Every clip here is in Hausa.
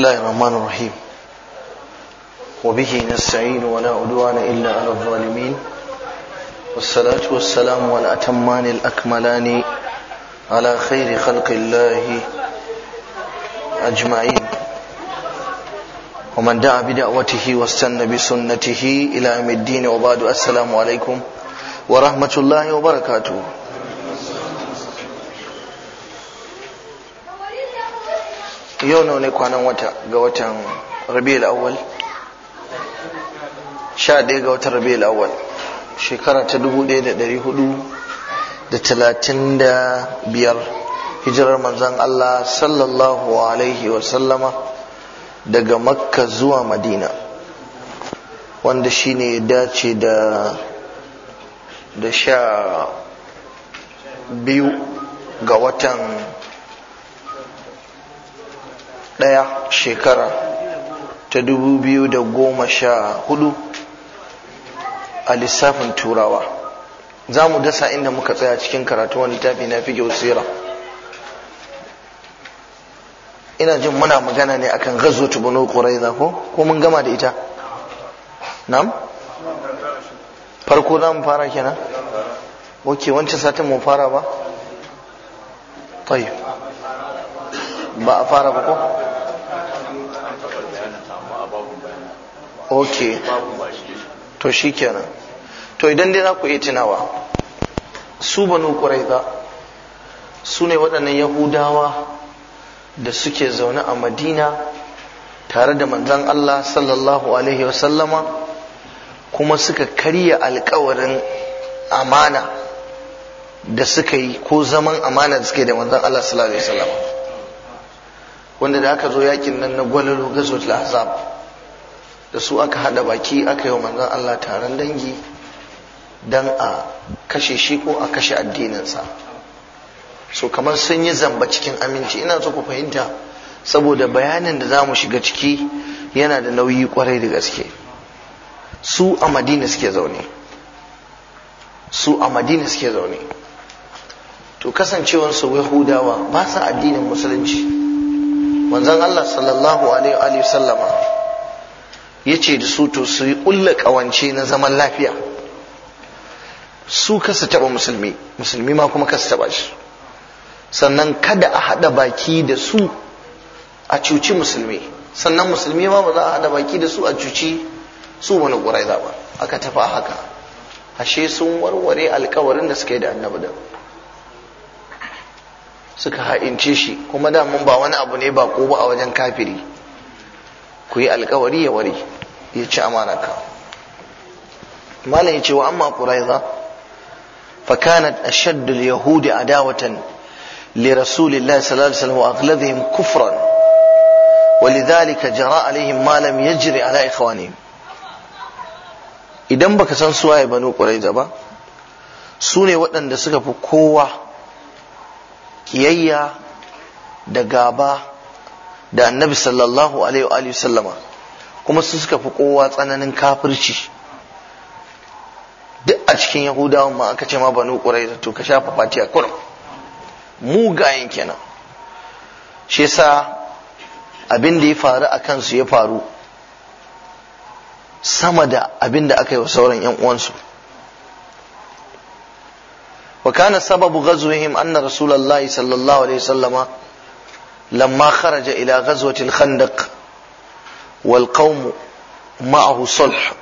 الله الرحمن الرحيم وبه نستعين ولا عدوان إلا على الظالمين والصلاة والسلام والأتمان الأكملان على خير خلق الله أجمعين ومن دعا بدعوته واستنى بسنته إلى يوم الدين وبعد السلام عليكم ورحمة الله وبركاته yau nawa ne kwanan wata ga watan rabi'ul awwal sha ɗaya ga watan rabi'ul awwal shekara ta dubu ɗaya da ɗari hudu da talatin da biyar hijirar manzon Allah sallallahu alaihi wa sallama daga makka zuwa madina wanda shi shine dace da da sha biyu ga watan ɗaya shekara ta dubu biyu da goma sha hudu a lissafin turawa za mu dasa inda muka tsaya cikin karatu wani tafi na fi sira ina jin muna magana ne akan gazo tubano kurai ko ko mun gama da ita nam farko za mu fara kenan ok wancan satin mu fara ba ba a fara ba ko? ok to shi kenan to idan dai za ku iya tunawa su banu ƙuraiza su ne waɗannan yahudawa da suke zaune a madina tare da manzan allah sallallahu alaihi wasallama kuma suka karya alkawarin amana da suka yi ko zaman amana da suke da manzan allah sallallahu alaihi wasallama wanda da aka zo yakin nan na gwalalo gazo azab da su aka hada baki aka yi manzon Allah taron dangi dan a kashe shi ko a kashe addininsa so kamar sun yi zamba cikin aminci ina so ku fahimta saboda bayanin da za mu shiga ciki yana da nauyi kwarai da gaske su a madina suke zaune su a madina suke zaune to su yahudawa ba sa addinin musulunci manzon Allah sallallahu alaihi wa sallama ya ce da su to su yi ƙulla ƙawance na zaman lafiya su kasa taɓa musulmi musulmi ma kuma kasa taɓa shi sannan kada a haɗa baki da su a cuci musulmi sannan musulmi ma ba za a haɗa baki da su a cuci su wani ƙurai ba aka tafa haka ashe sun warware alkawarin da suka yi da annabi da suka ha'ince shi kuma damun ba wani abu ne ba ko ba a wajen kafiri ku yi alkawari ya ware ya ci amana ka malam ya ce wa amma quraiza fa kanat ashaddu al-yahudi adawatan li rasulillahi sallallahu alaihi wasallam wa aghlabihim kufran ولذلك جرى عليهم ما لم يجري ala إخوانهم idan baka san su suwaye banu ƙuraiza ba su ne waɗanda suka fi kowa kiyayya da gaba da annabi sallallahu alaihi wa sallama kuma su suka fi kowa tsananin kafirci duk a cikin yahudawan ma aka ce ma banu ƙuraiza to ka shafa fatiya kurum mugayen kenan shi yasa abin da ya faru a kansu ya faru sama da abin da aka yi wa sauran yan uwansu wa kana sababu ghazwihim anna rasulullahi sallallahu alaihi wasallama lamma kharaja ila ghazwatil khandaq والقوم معه صلح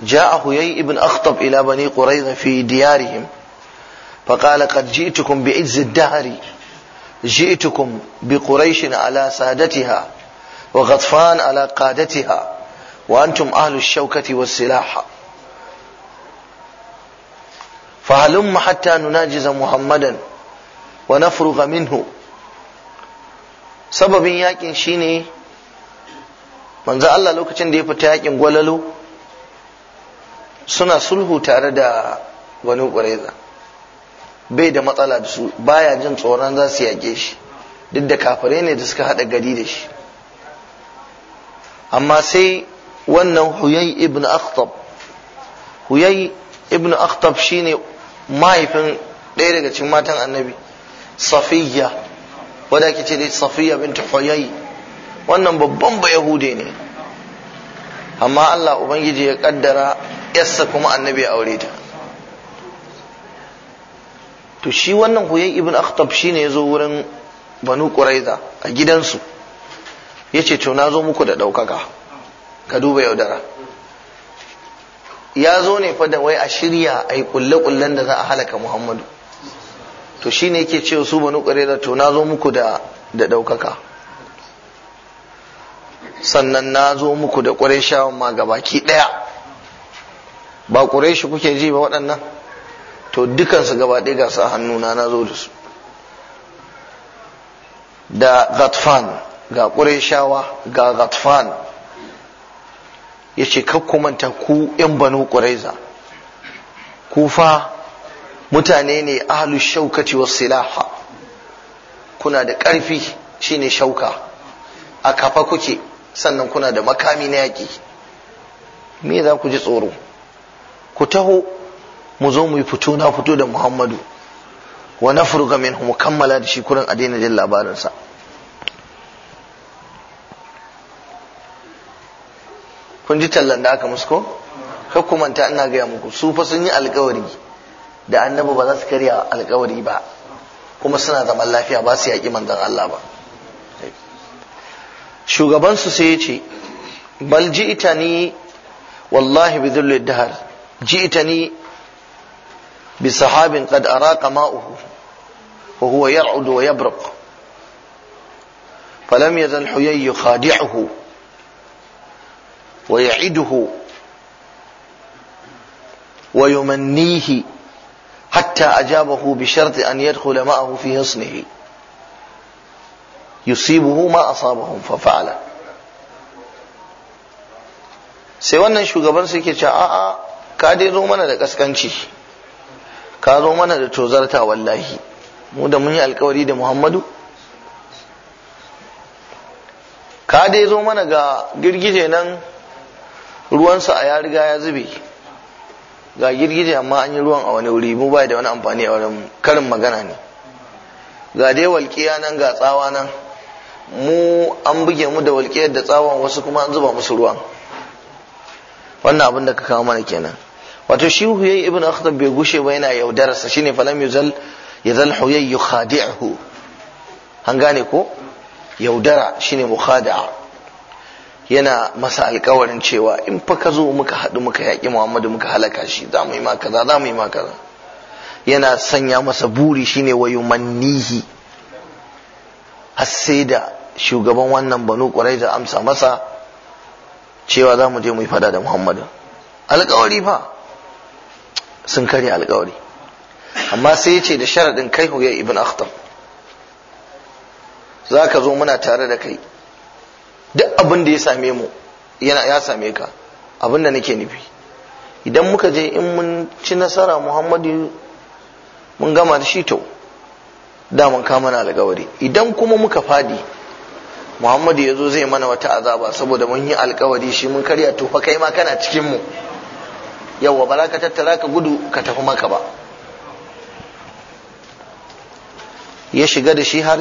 جاء هيي ابن أخطب إلى بني قريظة في ديارهم فقال قد جئتكم بعز الدهر جئتكم بقريش على سادتها وغطفان على قادتها وأنتم أهل الشوكة والسلاح فهلم حتى نناجز محمدا ونفرغ منه سبب ياكن شيني manzo Allah lokacin da ya fita yakin gwalalo suna sulhu tare da wani ƙuraiza bai da matsala da su baya jin tsoron za su yake shi duk da kafirai ne da suka haɗa gari da shi amma sai wannan huyai ibn akhtab huyai ibn akhtab shine mahaifin ɗaya daga cikin matan annabi safiya wadda ake ce da safiya binta huyai wannan babban ba yahude ne amma Allah ubangiji ya kaddara yassa kuma annabi ya aure ta to shi wannan huyai ibn akhtab shine yazo wurin banu quraiza a gidansu yace to na zo muku da daukaka ka duba yaudara ya zo ne fa da wai a shirya a yi ƙulle ƙullen da za a halaka muhammadu to shine yake cewa su banu quraiza to na zo muku da da sannan na zo muku da ƙureshawan ma ga baki ɗaya ba ƙureshi kuke ji ba waɗannan to dukansu gaba ɗaya ga sa hannuna na zo da su da ghatfan ga ƙureshawa ga ghatfan ya ce kakkumanta ku ‘yan banu ƙureza ku fa mutane ne ahalushaukaci wasu silaha kuna da ƙarfi shine shauka a kafa kuke sannan kuna da makami na yaƙi me za ku ji tsoro ku taho mu zo mu yi fito na fito da muhammadu wa na furga min mu kammala da shi kurin a daina jin labarinsa kun ji tallan da aka musko ku manta ina gaya muku su fa sun yi alkawari da annabi ba za su karya alkawari ba kuma suna zaman lafiya ba su yaƙi manzon Allah ba shugabansu sai ya ce bal ji'ita ni wallahi bi dhulli dahar ji'ita ni bi sahabin qad araqa ma'uhu wa huwa yar'udu wa yabraq فلم يزل حيي يخادعه ويعده ويمنيه حتى أجابه بشرط أن يدخل معه في حصنه yusibuhu ma asabahum fa fa'ala sai wannan shugaban su yake cewa a'a ka dai zo mana da kaskanci ka zo mana da tozarta wallahi mu da mun yi alkawari da Muhammadu ka dai zo mana ga girgije nan ruwansa a ya riga ya zube ga girgije amma an yi ruwan a wani wuri mu bai da wani amfani a wurin karin magana ne ga dai walƙiya nan ga tsawa nan mu an buge mu da walƙiyar da tsawon wasu kuma an zuba musu ruwan wannan abin da ka kawo mana kenan wato shi huyay ibn akhtab bai gushe ba yana yaudararsa shine falam yuzal yazal huyay yukhadi'hu an gane ko yaudara shine mukhada'a yana masa alƙawarin cewa in fa ka zo muka haɗu muka yaƙi Muhammadu muka halaka shi za mu yi ma za mu yi ma yana sanya masa buri shine wayu mannihi har sai da shugaban wannan banu ƙwarai da amsa masa cewa za mu je mu yi fada da muhammadu alkawari fa sun karya alkawari amma sai ya ce da sharaɗin kai huyar ibn akhtar za ka zo muna tare da kai duk abin da ya same mu ya same ka abin da nake nufi idan muka je in mun ci nasara muhammadu mun gama da shi to daman na alkawari idan kuma muka fadi muhammadu ya zo zai mana wata azaba saboda mun yi alkawari shi mun karya to fa kai ma kana cikin mu yawwa ba za ka tattara ka gudu ka tafi maka ba ya shiga da shi har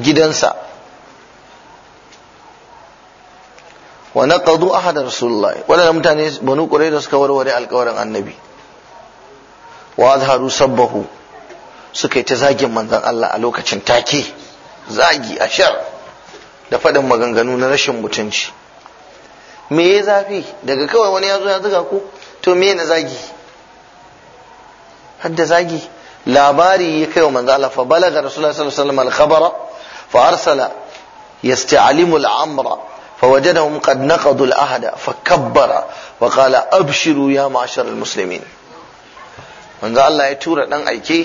gidansa wa naqadu ahada rasulullahi wadannan mutane banu da suka warware alkawarin annabi wa azharu sabbahu suka yi ta zagin manzon Allah a lokacin take zagi a shar da faɗin maganganu na rashin mutunci me ya zafi daga kawai wani ya zo ya zuga ku to me na zagi hadda zagi labari ya kai wa manzo Allah fa balaga rasulullahi sallallahu alaihi wasallam al-khabara fa arsala yasta'limu al-amra فوجدهم قد نقضوا العهد فكبر وقال ابشروا يا معشر المسلمين manzo Allah ya tura dan aike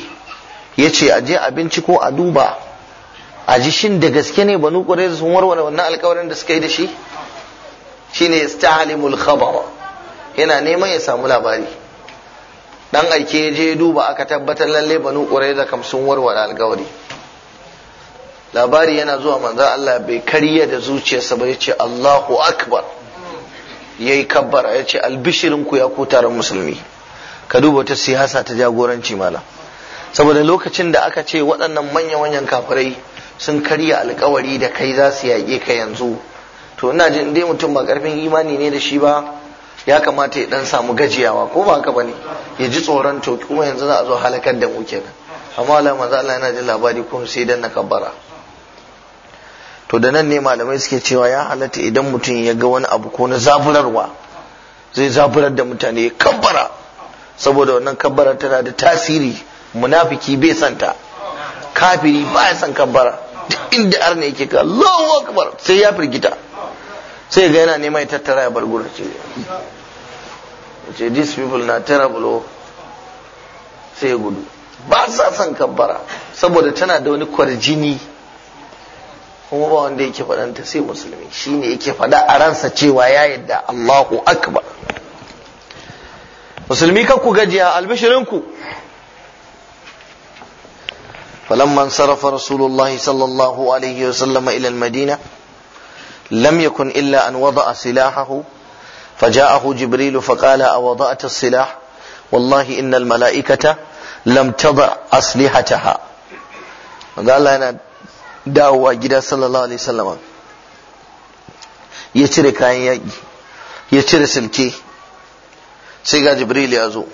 ya ce a je a binciko a duba a ji shin da gaske ne banu ƙwarai sun warware wannan alkawarin da suka yi da shi shine istahalimul khabar yana neman ya samu labari dan aike je duba aka tabbatar lalle banu da kam sun warware alkawari labari yana zuwa manzon Allah bai kariya da zuciyarsa ba yace Allahu akbar yayi kabbara yace albishirin ku ya ko taron musulmi ka duba ta siyasa ta jagoranci malam saboda lokacin da aka ce waɗannan manya-manyan kafirai sun karya alkawari da kai za su yaƙe ka yanzu to ina jin dai mutum ba karfin imani ne da shi ba ya kamata ya dan samu gajiyawa ko ba haka bane ya ji tsoron to kuma yanzu za a zo halakar da mu kenan amma Allah manzo Allah yana jin labari kun sai dan nakabara to da nan ne malamai suke cewa ya halatta idan mutum ya ga wani abu ko na zaburarwa zai zaburar da mutane ya kabbara saboda wannan kabbara tana da tasiri munafiki bai santa kafiri ba ya san kabbara duk inda arna yake ka Allahu akbar sai ya firgita sai ga yana neman ya tattara ya bar gurin ce these people na terrible oh. sai ya gudu ba sa son kabbara saboda tana da wani kwarjini kuma ba wanda yake faɗanta sai musulmi shine yake faɗa a ransa cewa ya yadda Allahu akbar musulmi kan ku gajiya albishirinku فلما انصرف رسول الله صلى الله عليه وسلم إلى المدينة لم يكن إلا أن وضع سلاحه فجاءه جبريل فقال أوضعت السلاح والله إن الملائكة لم تضع أسلحتها قال أنا دعوة جدا صلى الله عليه وسلم يترك كاين يترك سلكي سيقى جبريل يازو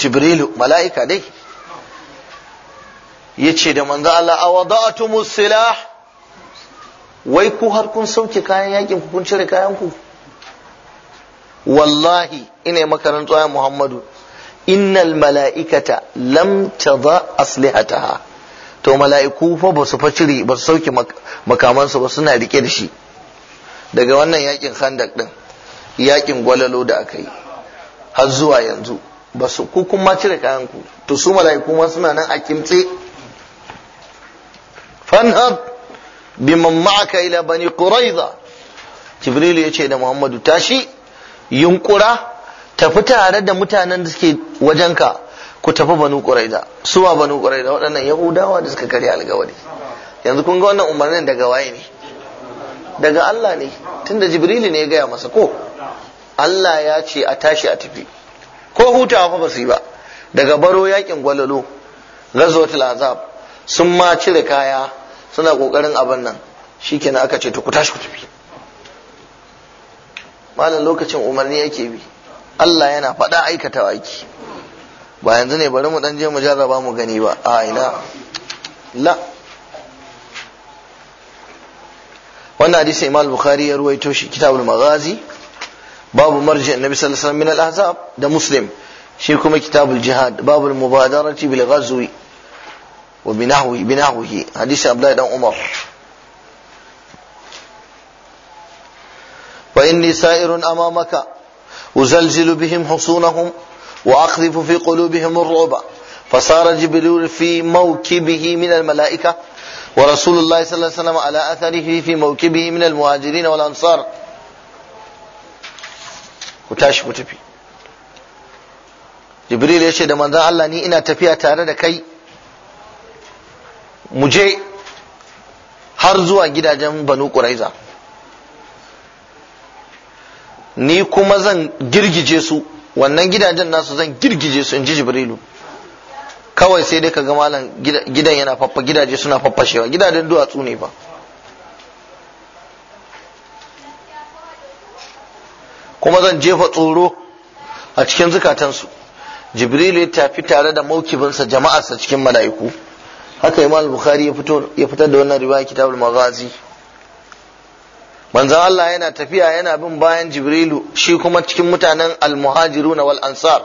جبريل ملائكة دي yace da manzo Allah awada'tumus musilah wai ku har kun sauke kayan yakin ku kun cire kayan ku wallahi ina makaran tsoya Muhammadu innal mala'ikata lam tadha aslihataha to mala'iku fa ba su fa cire ba su sauke makamansu ba suna rike da shi daga wannan yakin khandak din yakin gwalalo da aka yi har zuwa yanzu ba su ku kuma cire kayan ku to su mala'iku ma suna nan a kimtse fanhab biman ma'aka ila bani quraiza jibril ya ce da muhammadu tashi yunkura tafi tare da mutanen da suke wajenka ku tafi banu quraiza suwa banu quraiza waɗannan yahudawa da suka karya algawari. yanzu kun ga wannan umarnin daga waye ne daga Allah ne tunda jibril ne ya gaya masa ko Allah ya ce a tashi a tafi ko hutawa fa ba su yi ba daga baro yakin gwalalo gazotul azab sun ma cire kaya suna kokarin abin nan Shi kenan aka ce to ku tashi ku tafi malam lokacin umarni yake bi Allah yana faɗa aikata aiki ba yanzu ne bari mu dan je mu jarraba mu gani ba a ina la wannan hadisi Imam Bukhari ya ruwaito shi Kitabul Maghazi babu marji annabi sallallahu alaihi wasallam min al-ahzab da Muslim shi kuma Kitabul Jihad babul mubadarati bil ghazwi وبنحوه بنحوه حديث عبد الله بن عمر وإني سائر أمامك أزلزل بهم حصونهم وأقذف في قلوبهم الرعب فصار جبريل في موكبه من الملائكة ورسول الله صلى الله عليه وسلم على أثره في موكبه من المهاجرين والأنصار وتاش متفي جبريل يشهد من ذا الله ني إنا تفيا تارد كي Muje har zuwa gidajen banu ƙuraiza ni kuma zan girgije su wannan gidajen nasu zan girgije su in ji jibrilu kawai sai dai ka ga malam gidan yana faffa gidaje suna faffashewa gidajen duwatsu ne ba kuma zan jefa tsoro a cikin zukatansu jibrilu ya tafi tare da maukibinsa jama'arsa cikin mala'iku haka imam bukhari ya fitar da wannan riwaya kitabul maghazi manzon Allah yana tafiya yana bin bayan jibrilu shi kuma cikin mutanen almuhajiruna wal ansar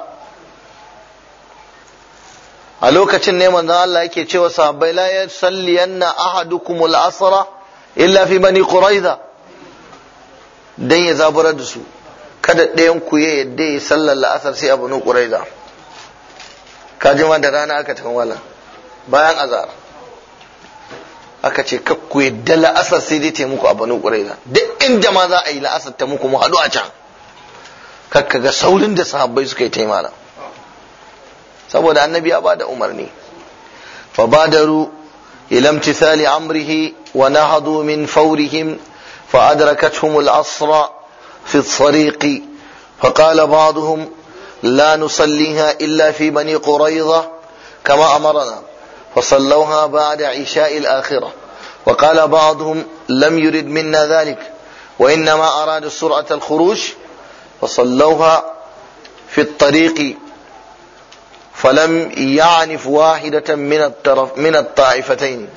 a lokacin ne manzon Allah yake cewa sahabbai la yasalliyanna ahadukumul asra illa fi bani quraiza dan ya zaburar da su kada ɗayan ku ya yadda ya sallar la'asar sai a bani quraiza kaji ma da rana aka tafi bayan azar aka ce kakku yadda la'asar sai dai taimako a banu ƙuraiza duk inda ma za a yi la'asar ta muku mu haɗu a can kakka ga saurin da sahabbai suka yi taimana saboda annabi ya ba da umarni fa badaru ila imtithali amrihi wa nahadu min faurihim fa adrakatuhum humul asra fi fa qala ba'dhum la nusalliha illa fi bani quraiza kama amarna فصلوها بعد عشاء الآخرة وقال بعضهم لم يرد منا ذلك وإنما أراد سرعة الخروج فصلوها في الطريق فلم يعنف واحدة من الطرف من الطائفتين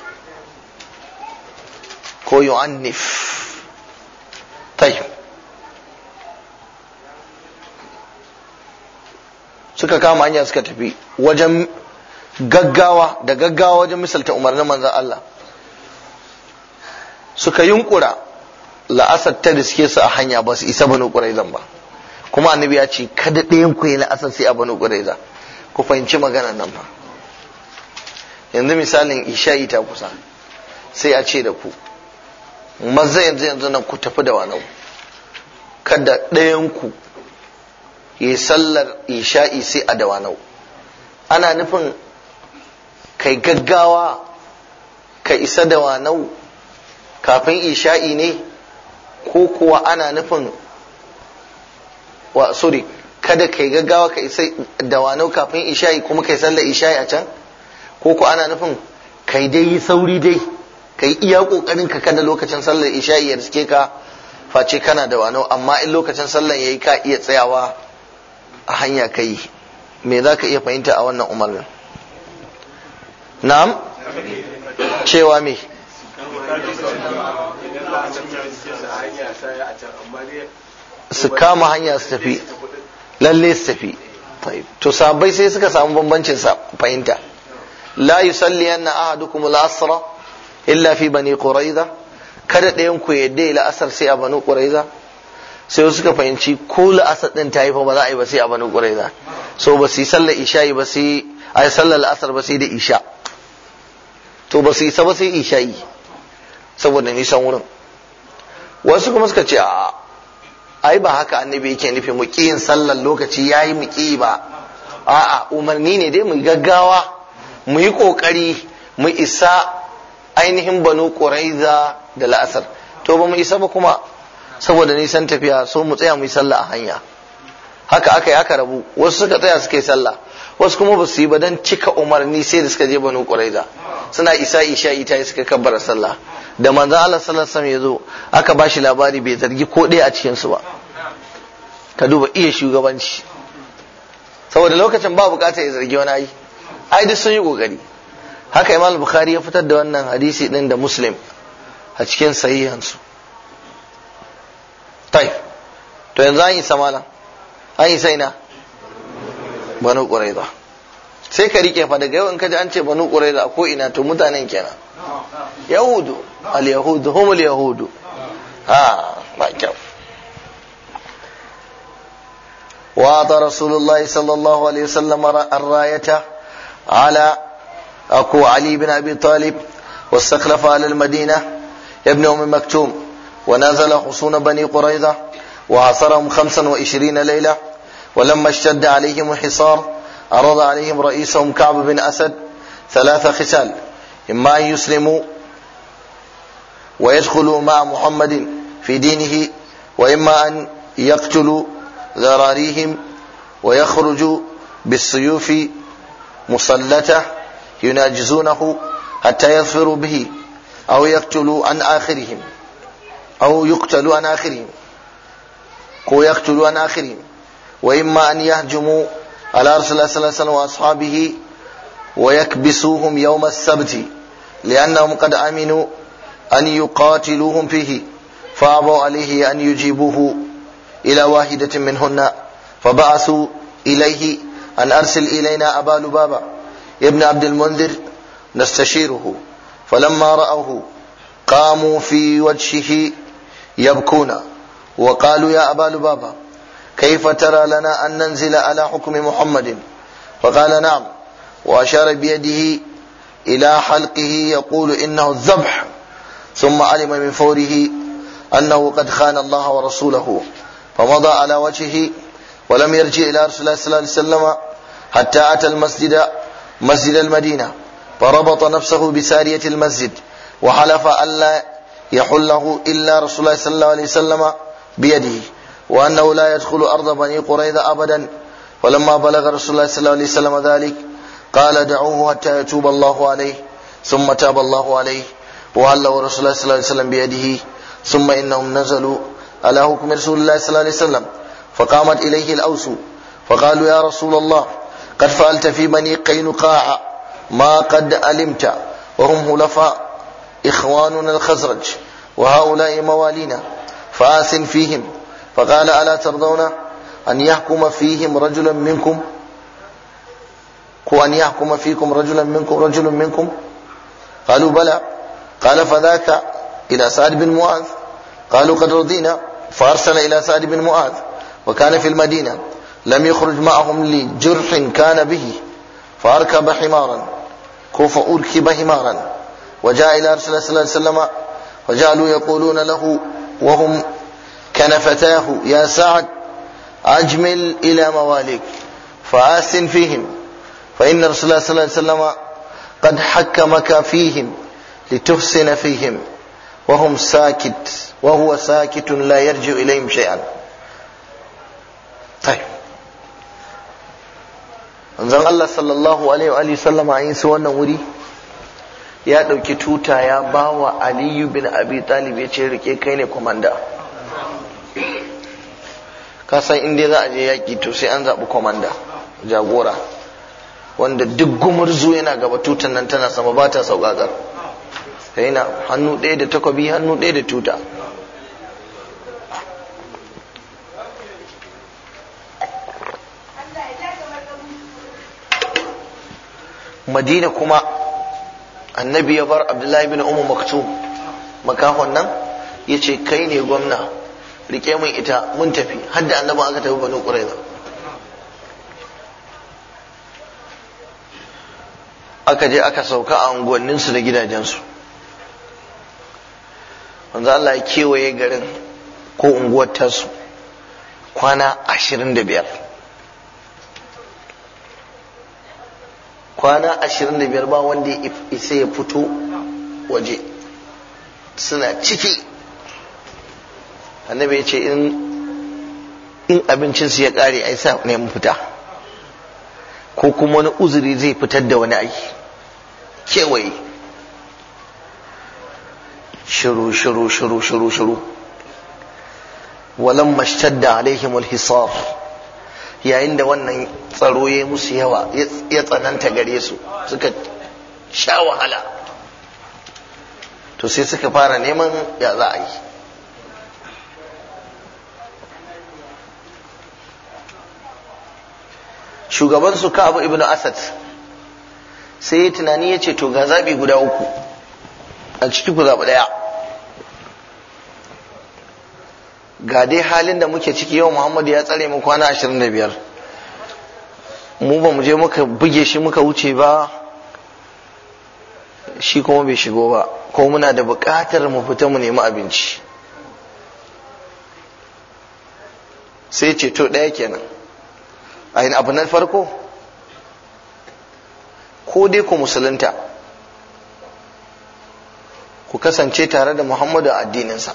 كو يعنف طيب سكا كام hanya suka tafi gaggawa da gaggawa wajen misalta umarnin manzan Allah suka yunkura la'asar ta da suke su a hanya ba su isa banu ƙuraizan ba kuma annabi ya ce kada ɗayan ku yi la'asar sai a banu ƙuraiza ku fahimci magana nan ba yanzu misalin isha'i ta kusa sai a ce da ku maza yanzu yanzu nan ku tafi da wani kada ɗayan ku yi sallar isha'i sai a dawanau ana nufin kai gaggawa ka isa da wanau kafin isha'i ne ko kuwa ana nufin wa sorry kada kai gaggawa ka isa da wanau kafin isha'i kuma kai sallar isha'i a can ko kuwa ana nufin kai dai yi sauri dai kai iya kokarin ka kada lokacin sallar isha'i ya riske ka face kana da wanau amma in lokacin sallar yayi ka iya tsayawa a hanya kai me za ka iya fahimta a wannan umarnin na'am cewa me su kama hanya su tafi lalle su tafi to sabai sai suka samu bambancin fahimta la yusalli anna ahadukum al-asra illa fi bani quraiza kada ɗayan ku yadda yi la'asar sai a bani sai suka fahimci ko la'asar ɗin ta haifa ba za a yi ba sai a bani quraiza so ba su yi sallar isha ba sai a yi sallar la'asar ba sai da isha to ba su isa ba sai isha'i saboda nisan wurin wasu kuma suka ce a ai ba haka annabi yake nufi mu yin sallar lokaci yayi mu ƙi ba a'a umarni ne dai mu gaggawa mu yi kokari mu isa ainihin banu quraiza da la'asar to ba mu isa ba kuma saboda nisan tafiya so mu tsaya mu yi sallah a hanya haka aka yi aka rabu wasu suka tsaya suka yi sallah wasu kuma ba su yi ba don cika umarni sai da suka je banu quraiza suna isa isha ita suka kabbara sallah da manzan Allah sallar sam ya zo aka ba shi labari bai zargi ko ɗaya a cikinsu ba ka duba iya shugabanci saboda lokacin ba bukata ya zargi wani ayi ai duk sun yi kokari haka imam bukhari ya fitar da wannan hadisi ɗin da muslim a cikin sahihansu tai to yanzu an yi samala an yi saina banu ƙuraiza sai ka rike fa daga yau in kaji an ce banu ƙuraiza ko ina to mutanen kenan yahudu al yahudu humul yahudu ha ba kyau wa ta sallallahu alaihi wasallam an rayata ala aku ali bin abi talib wa sakrafa al madina ibn umm maktum wa nazala husuna bani ƙuraiza وعصرهم خمسا وعشرين ليله ولما اشتد عليهم الحصار عرض عليهم رئيسهم كعب بن أسد ثلاث خسال إما أن يسلموا ويدخلوا مع محمد في دينه وإما أن يقتلوا ذراريهم ويخرجوا بالسيوف مسلته يناجزونه حتى يظفروا به أو يقتلوا عن آخرهم أو يقتلوا عن آخرهم أو يقتلوا عن آخرهم وإما أن يهجموا على رسول الله صلى الله عليه وسلم وأصحابه ويكبسوهم يوم السبت لأنهم قد أمنوا أن يقاتلوهم فيه فأبوا عليه أن يجيبوه إلى واحدة منهن فبعثوا إليه أن أرسل إلينا أبا لبابة ابن عبد المنذر نستشيره فلما رأوه قاموا في وجهه يبكون وقالوا يا أبا لبابة كيف ترى لنا أن ننزل على حكم محمد فقال نعم وأشار بيده إلى حلقه يقول إنه الذبح ثم علم من فوره أنه قد خان الله ورسوله فمضى على وجهه ولم يرجع إلى رسول الله صلى الله عليه وسلم حتى أتى المسجد مسجد المدينة فربط نفسه بسارية المسجد وحلف ألا يحله إلا رسول الله صلى الله عليه وسلم بيده وأنه لا يدخل أرض بني قريظة أبدا ولما بلغ رسول الله صلى الله عليه وسلم ذلك قال دعوه حتى يتوب الله عليه ثم تاب الله عليه وهلوا رسول الله صلى الله عليه وسلم بيده ثم إنهم نزلوا على حكم رسول الله صلى الله عليه وسلم فقامت إليه الأوس فقالوا يا رسول الله قد فعلت في بني قينقاع ما قد علمت وهم هلفاء إخواننا الخزرج وهؤلاء موالينا فآثن فيهم فقال ألا ترضون أن يحكم فيهم رجلا منكم وأن يحكم فيكم رجلا منكم رجل منكم قالوا بلى قال فذاك إلى سعد بن معاذ قالوا قد رضينا فأرسل إلى سعد بن معاذ وكان في المدينة لم يخرج معهم لجرح كان به فأركب حمارا كوف أركب حمارا وجاء إلى رسول الله صلى الله عليه وسلم وجعلوا يقولون له وهم كان فتاه يا سعد أجمل إلى مواليك فآسن فيهم فإن رسول الله صلى الله عليه وسلم قد حكمك فيهم لتحسن فيهم وهم ساكت وهو ساكت لا يرجع إليهم شيئا طيب manzon Allah sallallahu alaihi wa sallam a yin su wannan wuri ya ɗauki tuta ya bawa Aliyu bin Abi Talib ya ce rike kai ne komanda Kasan inda in dai za a je yaki to sai an zaɓi komanda jagora wanda duk gumurzu yana gaba tutan nan tana sama ba ta sauƙaƙar yana hannu ɗaya da takobi hannu ɗaya da tuta madina kuma annabi ya bar abdullahi bin umar maktum makahon nan ya ce kai ne gwamna rike mun ita mun tafi har da aka tafi banu quraiza aka je aka sauka a unguwanninsu da gidajensu wanzu Allah ya kewaye garin ko unguwar tasu kwana ashirin da biyar kwana ashirin da biyar ba wanda ya isa ya fito waje suna ciki annabi ya ce in abincinsu ya ƙare ai sa ne mu fita ko kuma wani uzuri zai fitar da wani ai kewaye shiru shiru shiru shiru shiru walan mashtadda alaihim alhisar yayin da wannan tsaro ya musu yawa ya tsananta gare su suka sha wahala to sai suka fara neman ya za a yi shugaban su abu ibn Asad sai ya tunani ya ce to ga zabi guda uku a ciki ku zabi daya ga dai halin da muke ciki yau Muhammad ya tsare mu kwana 25 mu ba mu je muka buge shi muka wuce ba shi kuma bai shigo ba ko muna da buƙatar mu fita mu nemi abinci sai ce to ɗaya kenan ayin abu na farko ko dai ku musulunta ku kasance tare da muhammadu a addininsa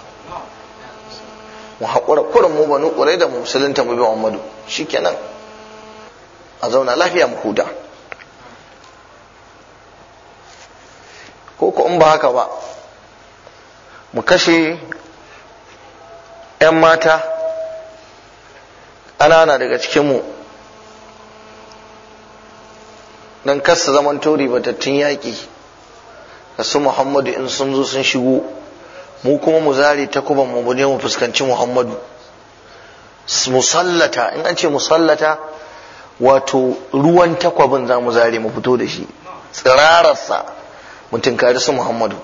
mu haƙura kurin mu banu ƙurai da musulunta mu bi muhammadu shi kenan a zauna lafiya mu huda ko in ba haka ba mu kashe 'yan mata ƙanana daga cikinmu don kasa zaman tori batattun yaƙi da su muhammadu in sun zo sun shigo mu kuma mu zare takuban mu ne mu fuskanci muhammadu musallata in an ce musallata wato ruwan takwabin za mu zare mu fito da shi tsirararsa mu tinkari su muhammadu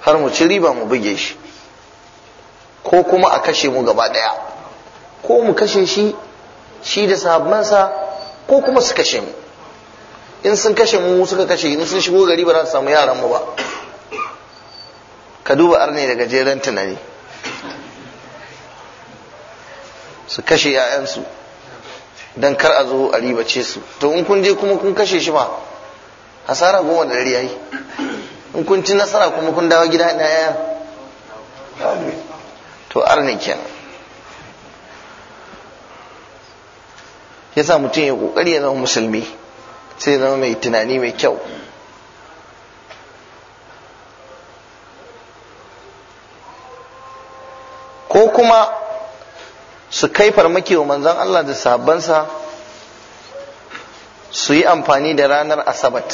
har mu ci riba mu buge shi ko kuma a kashe mu gaba ɗaya ko mu kashe shi shi da sahabbansa ko kuma su kashe mu in sun kashe mu suka kashe in sun shigo gari ba za su samu yaran mu ba ka duba arne da gajeren tunani su kashe 'ya'yansu don kar a zo a ribace su to in kun je kuma kun kashe shi ba hasara goma da dare yayi in kun ci nasara kuma kun dawo gida na yayan. to arne kenan yasa mutum ya kokari ya zama musulmi sai zama mai tunani mai kyau ko kuma su kai farmaki wa manzon Allah da sahabbansa su yi amfani da ranar asabat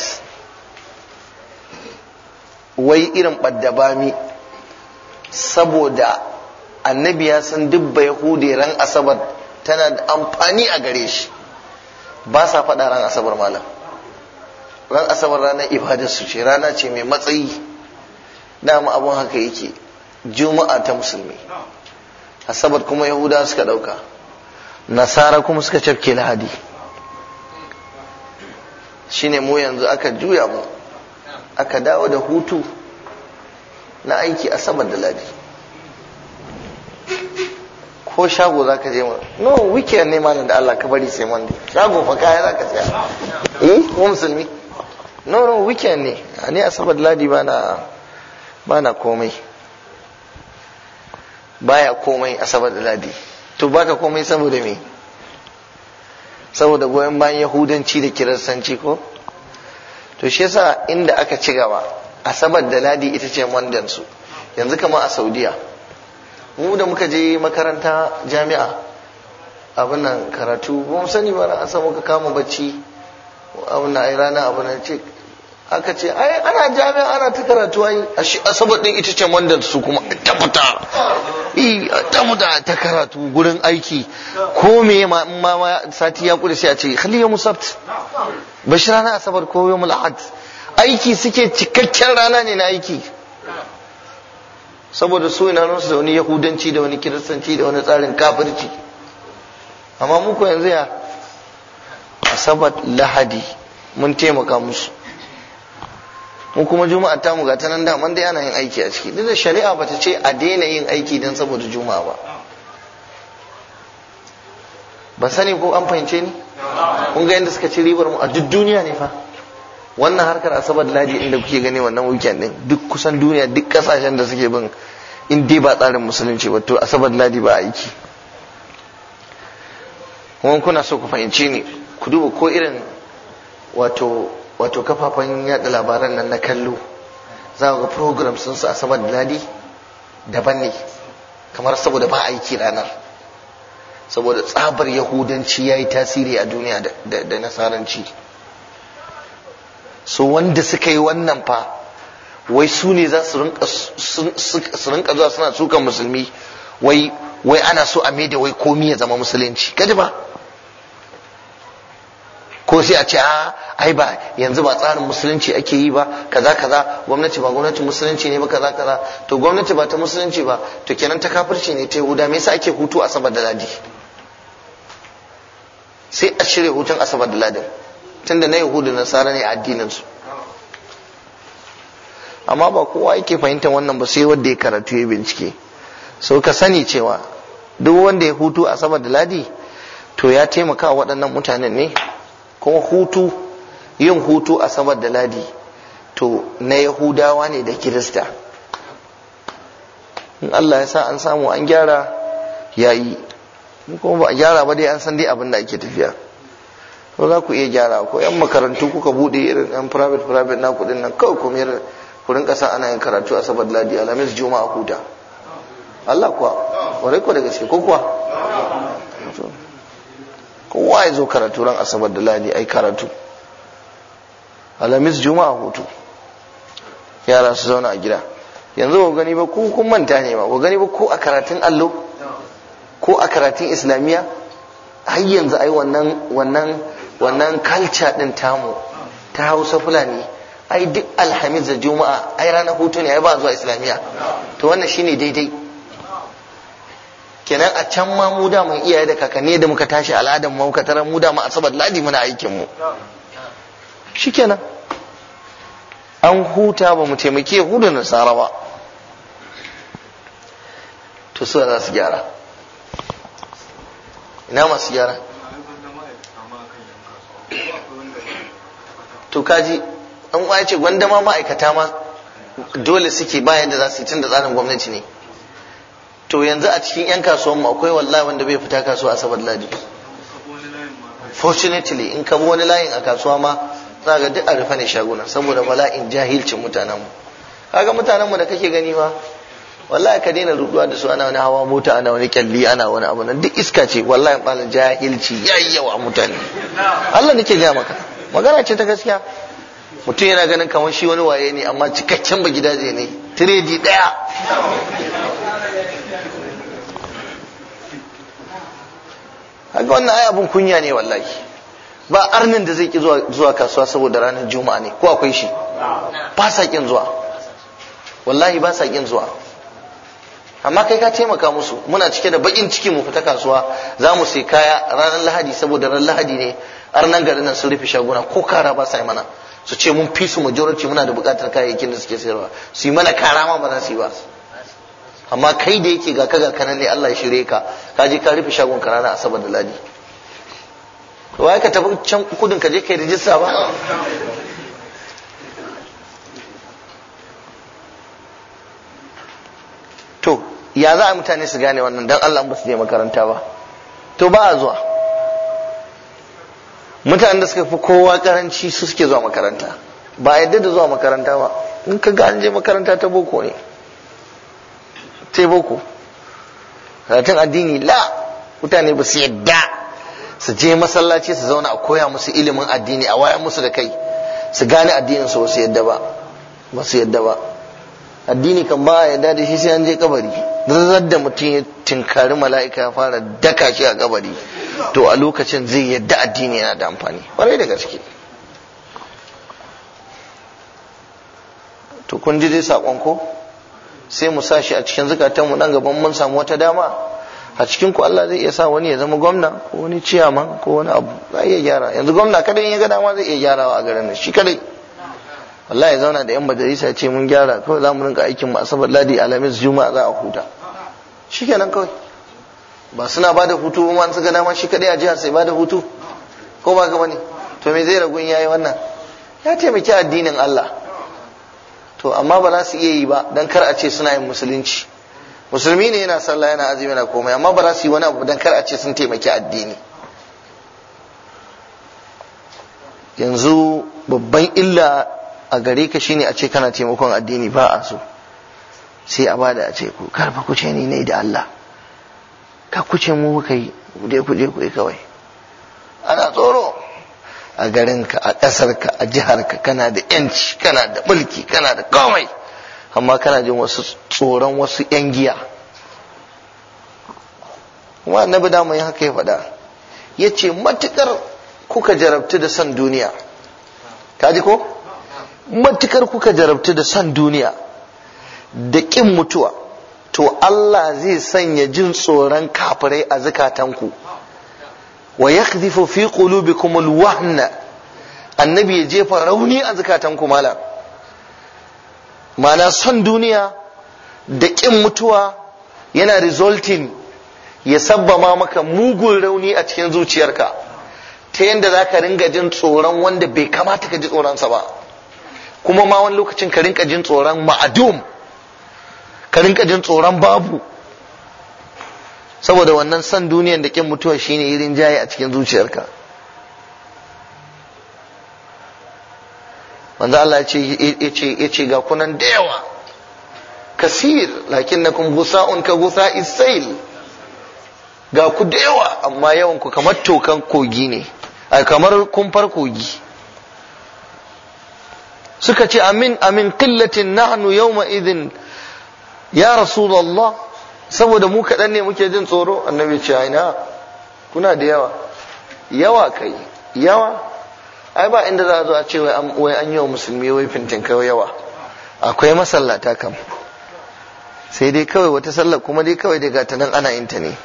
wai irin ɓaddabami saboda annabi ya san dubba yahudi ran asabar tana da amfani a gare shi ba sa faɗa ran asabar malam ran asabar ranar ibadar su ce rana ce mai matsayi dama abun haka yake juma'a ta musulmi asabar kuma yahuda suka ɗauka nasara kuma suka cafke lahadi shine mu yanzu aka juya mu aka dawo da hutu na aiki asabar da lahadi ko shago za ka je mu no wike ne malam da Allah ka bari sai mun shago fa kaya za ka saya eh ko musulmi no no wike ne ni asabar ladi bana bana komai baya komai asabar da ladi to baka komai saboda me saboda goyon bayan yahudanci da kiristanci ko to shi yasa inda aka ci gaba asabar da ladi ita ce mondan su yanzu kamar a saudiya mu da muka je makaranta jami'a abin nan karatu ba mu sani ba an samu ka kama bacci abin nan ai rana abin nan ce aka ce ai ana jami'a ana ta karatu ai asabar din ita ce wanda su kuma ta fita ta fita ta karatu gurin aiki ko me ma ma sati ya kudu sai a ce khali yawm sabt bashi rana asabar ko yawm ahad aiki suke cikakken rana ne na aiki saboda su ina nasu da wani yahudanci da wani kiristanci da wani tsarin kafirci amma muku yanzu ya asabat lahadi mun taimaka musu mu kuma juma'a ta mu gata nan daman dai ana yin aiki a ciki duk da shari'a bata ce a daina yin aiki don saboda juma'a ba ba sani ko an fahimce ni kun ga yadda suka ci ribar mu a duk duniya ne fa wannan harkar asabar ladi inda kuke gani wannan weekend din duk kusan duniya duk kasashen da suke bin in ba tsarin musulunci ba to asabar ladi ba aiki kuma kuna so ku fahimci ni ku duba ko irin wato wato kafafen yada labaran nan na kallo za ga program sun su asabar ladi daban ne kamar saboda ba aiki ranar saboda tsabar yahudanci ya yi tasiri a duniya da nasaranci so wanda suka yi wannan fa wai su ne za su rinka zuwa suna tsukan musulmi wai wai ana so a maida wai komi ya zama musulunci kaji ba ko sai a ce a ah, ai ba yanzu ba tsarin musulunci ake yi ba kaza kaza gwamnati ba gwamnati musulunci ne ba kaza kaza to gwamnati ba ta musulunci ba to kenan ta kafirci ne ta yahuda me yasa ake hutu asabar da ladi sai a shirya hutun asabar da ladin tunda na yahudu nasara ne addinin su amma ba kowa yake fahimtar wannan ba sai wanda ya karatu ya bincike so ka sani cewa duk wanda ya hutu a sama da ladi to ya taimaka waɗannan mutanen ne kuma hutu yin hutu a sama da ladi to na yahudawa ne da kirista in Allah ya sa an samu an gyara ya yi, kuma ba a gyara ba dai an san dai abin da ake tafiya ko za ku iya gyara ko yan makarantu kuka bude irin yan private private na kudin nan kawai kuma irin kudin kasa ana yin karatu a sabar ladi alamis juma'a huta Allah kuwa warai ko daga ko kuwa kowa ya zo karatu ran asabar da ladi ai karatu alamis juma'a hutu yara su zauna a gida yanzu ba gani ba ku kun manta ne ba ku gani ba ko a karatun allo ko a karatun islamiyya har yanzu ai wannan wannan wannan culture din tamu ta hausa fulani ai duk alhamis da juma'a ai ranar hutu ne ai ba zuwa islamiyya to wannan shine daidai kenan a can ma mu da mun iyaye da kakanni da muka tashi al'adar mu muka tarar mu da mu asabar ladi muna aikin mu shikenan an huta ba mu taimake hudu na ba to su za su gyara ina masu gyara to kaji an uwa ce gwanda ma ma'aikata ma dole suke ba da za su yi tun da tsarin gwamnati ne to yanzu a cikin 'yan kasuwan mu akwai wallahi wanda bai fita kasuwa asabar ladi fortunately in ka wani layin a kasuwa ma za ga duk a rufe ne shaguna saboda bala'in jahilcin mutanen mu kaga mutanen mu da kake gani ma wallahi ka daina ruduwa da su ana wani hawa mota ana wani kyalli ana wani abu nan duk iska ce wallahi bala'in jahilci yayyawa yawa mutane Allah nake ga maka magana ce ta gaskiya mutum yana ganin kamar shi wani waye ne amma cikakken ba gidaje ne tiredi ɗaya haka wannan ai abun kunya ne wallahi ba arnin da zai ki zuwa kasuwa saboda ranar juma'a ne ko akwai shi ba sa kin zuwa wallahi ba sa kin zuwa amma kai ka taimaka musu muna cike da bakin ciki mu fita kasuwa za mu sai kaya ranar lahadi saboda ranar lahadi ne nan garin nan sun rufe shaguna ko kara ba sa yi mana su ce mun fi su majority muna da buƙatar kayayyakin da suke sayarwa su yi mana kara ma ba za su yi ba amma kai da yake ga ka kanan ne Allah ya shirye ka ka je ka rufe shagon ka ranar asabar da ladi to wai ka tafi can kudin ka je kai rijista ba to ya za a mutane su gane wannan dan Allah ba su je makaranta ba to ba a zuwa mutanen da suka fi kowa karanci su suke zuwa makaranta ba a yadda da zuwa makaranta ba in ka ga je makaranta ta boko ne ta boko karatun addini la mutane ba su yadda su je masallaci su zauna a koya musu ilimin addini a waya musu da kai su gane addinin su ba su yadda ba ba su yadda ba addini kan ba a yadda da shi sai an je kabari zazzar da mutum ya tinkari mala'ika ya fara daka shi a kabari to a lokacin zai yadda addini yana da amfani kwarai da gaske to kun ji dai sakon ko sai mu sashi a cikin mu nan gaban mun samu wata dama a cikin ku Allah zai iya sa wani ya zama gwamna ko wani ciyaman ko wani abu za iya gyara yanzu gwamna kada in ya ga dama zai iya gyarawa a garin nan shi kadai wallahi ya zauna da yan majalisa ce mun gyara kawai za mu rinka aikin mu asabar ladi Alhamis, juma'a za a huta shikenan kawai ba suna bada hutu ba an suka dama shi kadai a jiya sai bada hutu ko ba ka bane to me zai ragun yayi wannan ya taimaki addinin Allah to amma ba za su iya yi ba dan kar a ce suna yin musulunci musulmi ne yana sallah yana azumi yana komai amma ba za su yi wani abu dan kar a ce sun taimaki addini yanzu babban illa a gare ka shine a ce kana taimakon addini ba a so sai a bada a ce ku karfa ku ce ni ne da Allah ka kuce mu muka yi kuje kuje kawai ana tsoro a garinka a ƙasarka a jiharka kana da yanci kana da mulki kana da komai amma kana jin wasu tsoron wasu yan giya kuma annabi da mai haka ya faɗa ya ce matukar kuka jarabtu da san duniya Ka ji ko matukar kuka jarabtu da san duniya da ƙin mutuwa to Allah zai sanya jin tsoron kafirai a zukatanku wa yakhdhifu fi qulubikum alwahna annabi ya jefa rauni a zukatanku malam mana son duniya da ƙin mutuwa yana resulting ya sabbama maka mugun rauni a cikin zuciyarka ta yadda za ka ringa jin tsoron wanda bai kamata ka ji tsoronsa ba kuma ma wani lokacin ka ringa jin tsoron ma'adum ka rinka jin tsoron babu saboda wannan san duniyan da kin mutuwa shine irin jaye a cikin zuciyarka wanda Allah ya ce ga kunan da yawa kasir lakinnakum gusa'un ka gusa isail ga ku da yawa amma yawan ku kamar tokan kogi ne a kamar kumfar kogi suka ce amin amin na nahnu yawma idhin ya rasulullah saboda mu kaɗan ne muke jin tsoro annabi ce aina kuna da yawa yawa kai yawa ai ba inda za a zo a ce wai an yi wa musulmi wai fintin kai yawa akwai masallata kam sai dai kawai wata sallar kuma dai kawai daga ta nan ana ta ne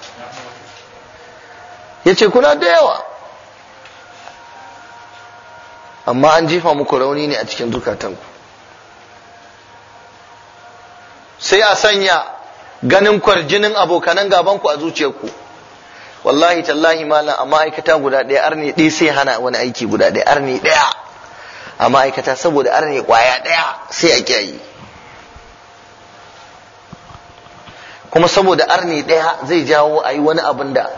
ya ce kuna da yawa amma an jefa muku rauni ne a cikin zukatanku sai a sanya ganin kwarjinin abokanan gabanku a zuciyarku wallahi tallahi malam a ma'aikata guda ɗaya arne ɗaya sai hana wani aiki guda ɗaya arne ɗaya a ma'aikata saboda arne ƙwaya ɗaya sai a kiyaye kuma saboda arne ɗaya zai jawo a yi wani abin da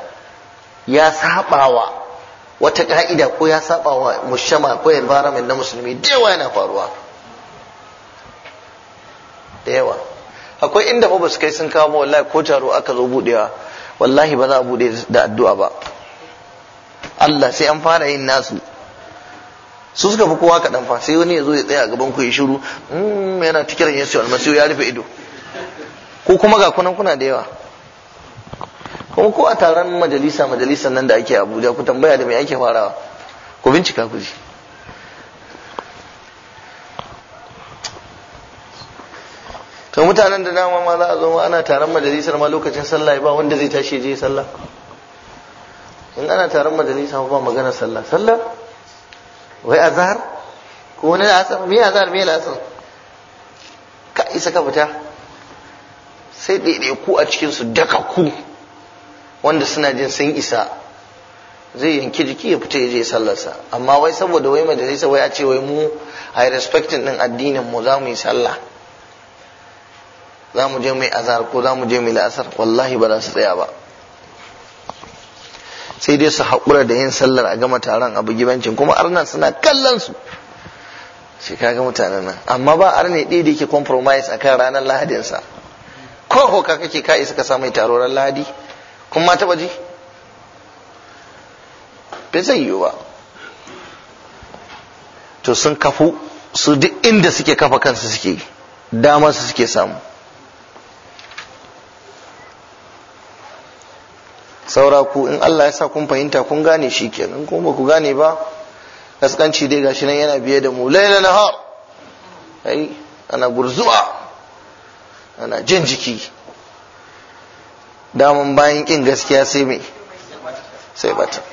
ya saɓawa wata ka'ida ko ya saba wa mushama ko environment na musulmi da yawa yana faruwa da yawa akwai inda fa basu kai sun kawo ma wallahi ko taro aka zo budewa wallahi ba za a bude da addu'a ba Allah sai an fara yin nasu su suka fi kowa kaɗan fa sai wani ya zo ya tsaya a gaban ku ya shiru mm, yana ta kiran Yesu almasihu ya rufe ido ko kuma ga kunan kuna da yawa kuma ko a taron majalisa majalisan nan da ake Abuja ku tambaya da me ake farawa ku bincika ku ji to mutanen da dama ma za a zo ana taron majalisar ma lokacin sallah ba wanda zai tashi je sallah in ana taron majalisa ba magana sallah sallah wai azhar ko wani asar me azhar me asar ka isa ka fita sai ku a cikin su daka ku wanda suna jin sun isa zai yanki jiki ya fita ya je sallarsa amma wai saboda wai majalisa wai a ce wai mu a respecting din addinin mu za mu yi sallah za mu je mai azar ko za mu je mai la'asar wallahi ba za su tsaya ba sai dai su haƙura da yin sallar a gama taron abu gibancin kuma arnan suna kallon su sai kaga mutanen nan amma ba arne ɗaya da yake compromise akan ranar lahadinsa ko hoka kake ka isa ka sa mai taro ran lahadi kun ma taɓa bai zai yiwu ba to sun kafu su duk inda suke kafa kansu suke damar su suke samu saura ku in Allah ya sa kun fahimta kun gane shi kenan kun ba ku gane ba kaskanci dai gashi nan yana biye da mu laila na har? ai ana gurzuwa ana jin jiki daman bayan kin gaskiya sai me sai bata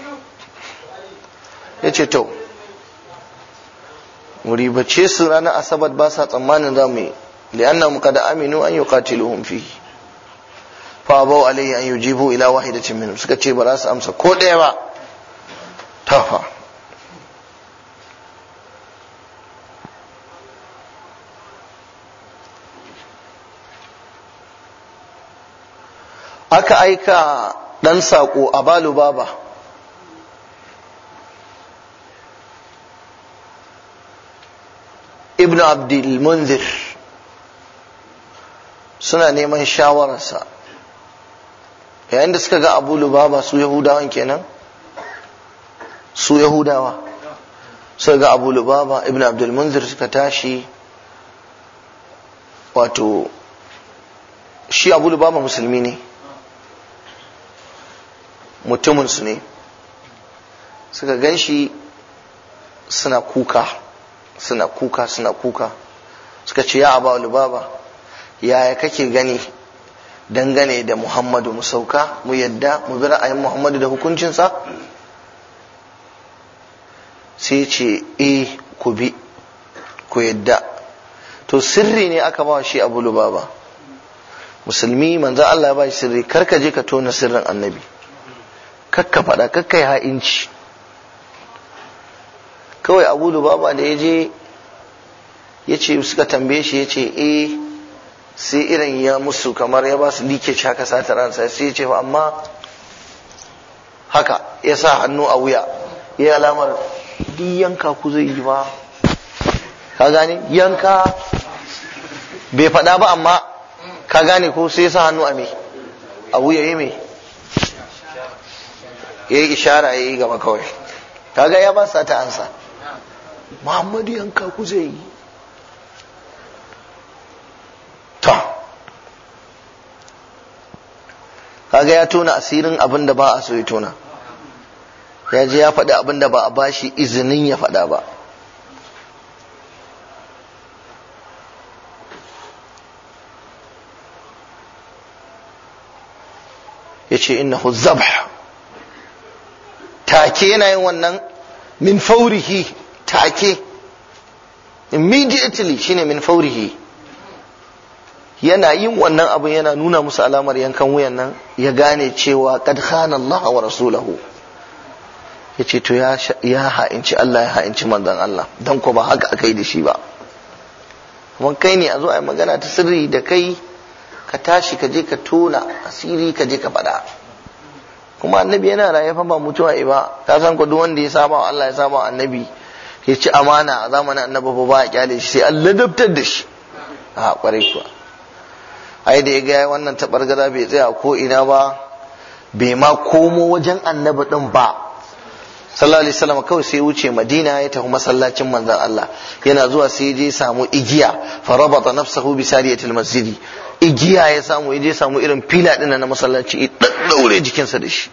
yace to bace su ranar asabar ba sa tsammanin za mu yi li'annahum qad aminu an yuqatiluhum fihi fa abau alaihi an yujibu ila wahidatin minhum suka ce ba za su amsa ko ɗaya ba tafa aka aika ɗan saƙo a balu baba ibn abdul munzir suna neman shawararsa yayin da suka ga abu lubaba su yahudawan kenan su yahudawa suka ga abu lubaba ibn Abdul munzir suka tashi wato shi abu lubaba musulmi ne mutuminsu ne suka gan shi suna kuka suna kuka suna kuka suka ce ya abu lubaba yaya kake gani dangane da Muhammadu mu sauka mu yadda mu bi ra'ayin Muhammadu da hukuncinsa sai ce e ku bi ku yadda to sirri ne aka ba shi Abu Lubaba musulmi manzo Allah ya ba shi sirri karka je ka tona sirrin annabi kakka faɗa kakka yi ha'inci kawai Abu Lubaba da ya je ya ce suka tambaye shi ya ce eh sai irin ya musu kamar ya ba su like ci haka sata ransa sai ya ce amma haka ya sa hannu a wuya ya yi alamar di yanka ku zai yi ba ka gane yanka bai faɗa ba amma ka gane ko sai ya sa hannu a me a wuya ya me ya yi ishara ya yi gaba kawai ga ya ba sata ansa muhammadu yanka ku zai yi kaga ya tona asirin abin da ba a so ya tona ya je ya faɗi abin da ba a bashi izinin ya faɗa ba ya ce innahu zabh take yana yin wannan min faurihi take immediately shine min faurihi yana yin wannan abu yana nuna musu alamar yankan wuyan nan ya gane cewa kad khana Allah wa rasulahu yace to ya ya ha'inci Allah ya ha'inci manzon Allah dan ko ba haka akai da shi ba kuma kai ne a zo a yi magana ta sirri da kai ka tashi ka je ka tona asiri ka je ka faɗa kuma annabi yana raye fa ba mutuwa ba ka san ku duk wanda ya saba wa Allah ya saba wa annabi ya ci amana a zamanin annabi ba ba ya kyale shi sai Allah dabtar da shi a kwarai kuwa ai da ya ga wannan tabar gada bai tsaya ko ina ba bai ma komo wajen annabi din ba sallallahu alaihi wasallam kawai sai wuce madina ya tafi masallacin manzon Allah yana zuwa sai je samu igiya farabata rabata nafsahu bi sariyatil masjidi igiya ya samu ya je samu irin fila din na masallaci ya daddaure jikinsa da shi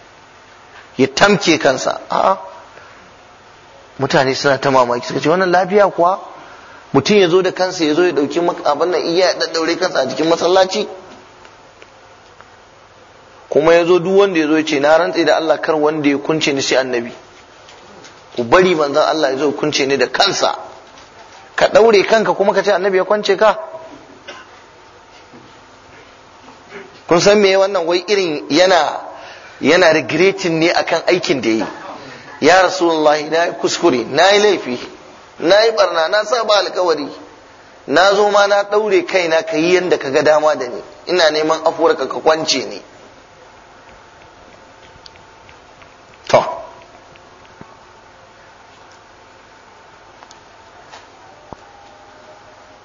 ya tamke kansa a mutane suna ta mamaki suka ce wannan lafiya kuwa mutum ya zo da kansa ya zo ya ɗauki abin nan iya ya kansa a cikin masallaci kuma ya zo duk wanda ya zo ya ce na rantse da Allah kar wanda ya kunce ni sai annabi ku bari manzon Allah ya zo kunce ni da kansa ka ɗaure kanka kuma ka ce annabi ya kwance ka kun san me wannan wai irin yana yana regretting ne akan aikin da yi ya rasulullahi na kuskure na yi laifi na yi barna na saba alkawari na zo ma na ɗaure kaina ka yi yadda ka ga dama da ni ina neman afuwarka ka kwance ne. to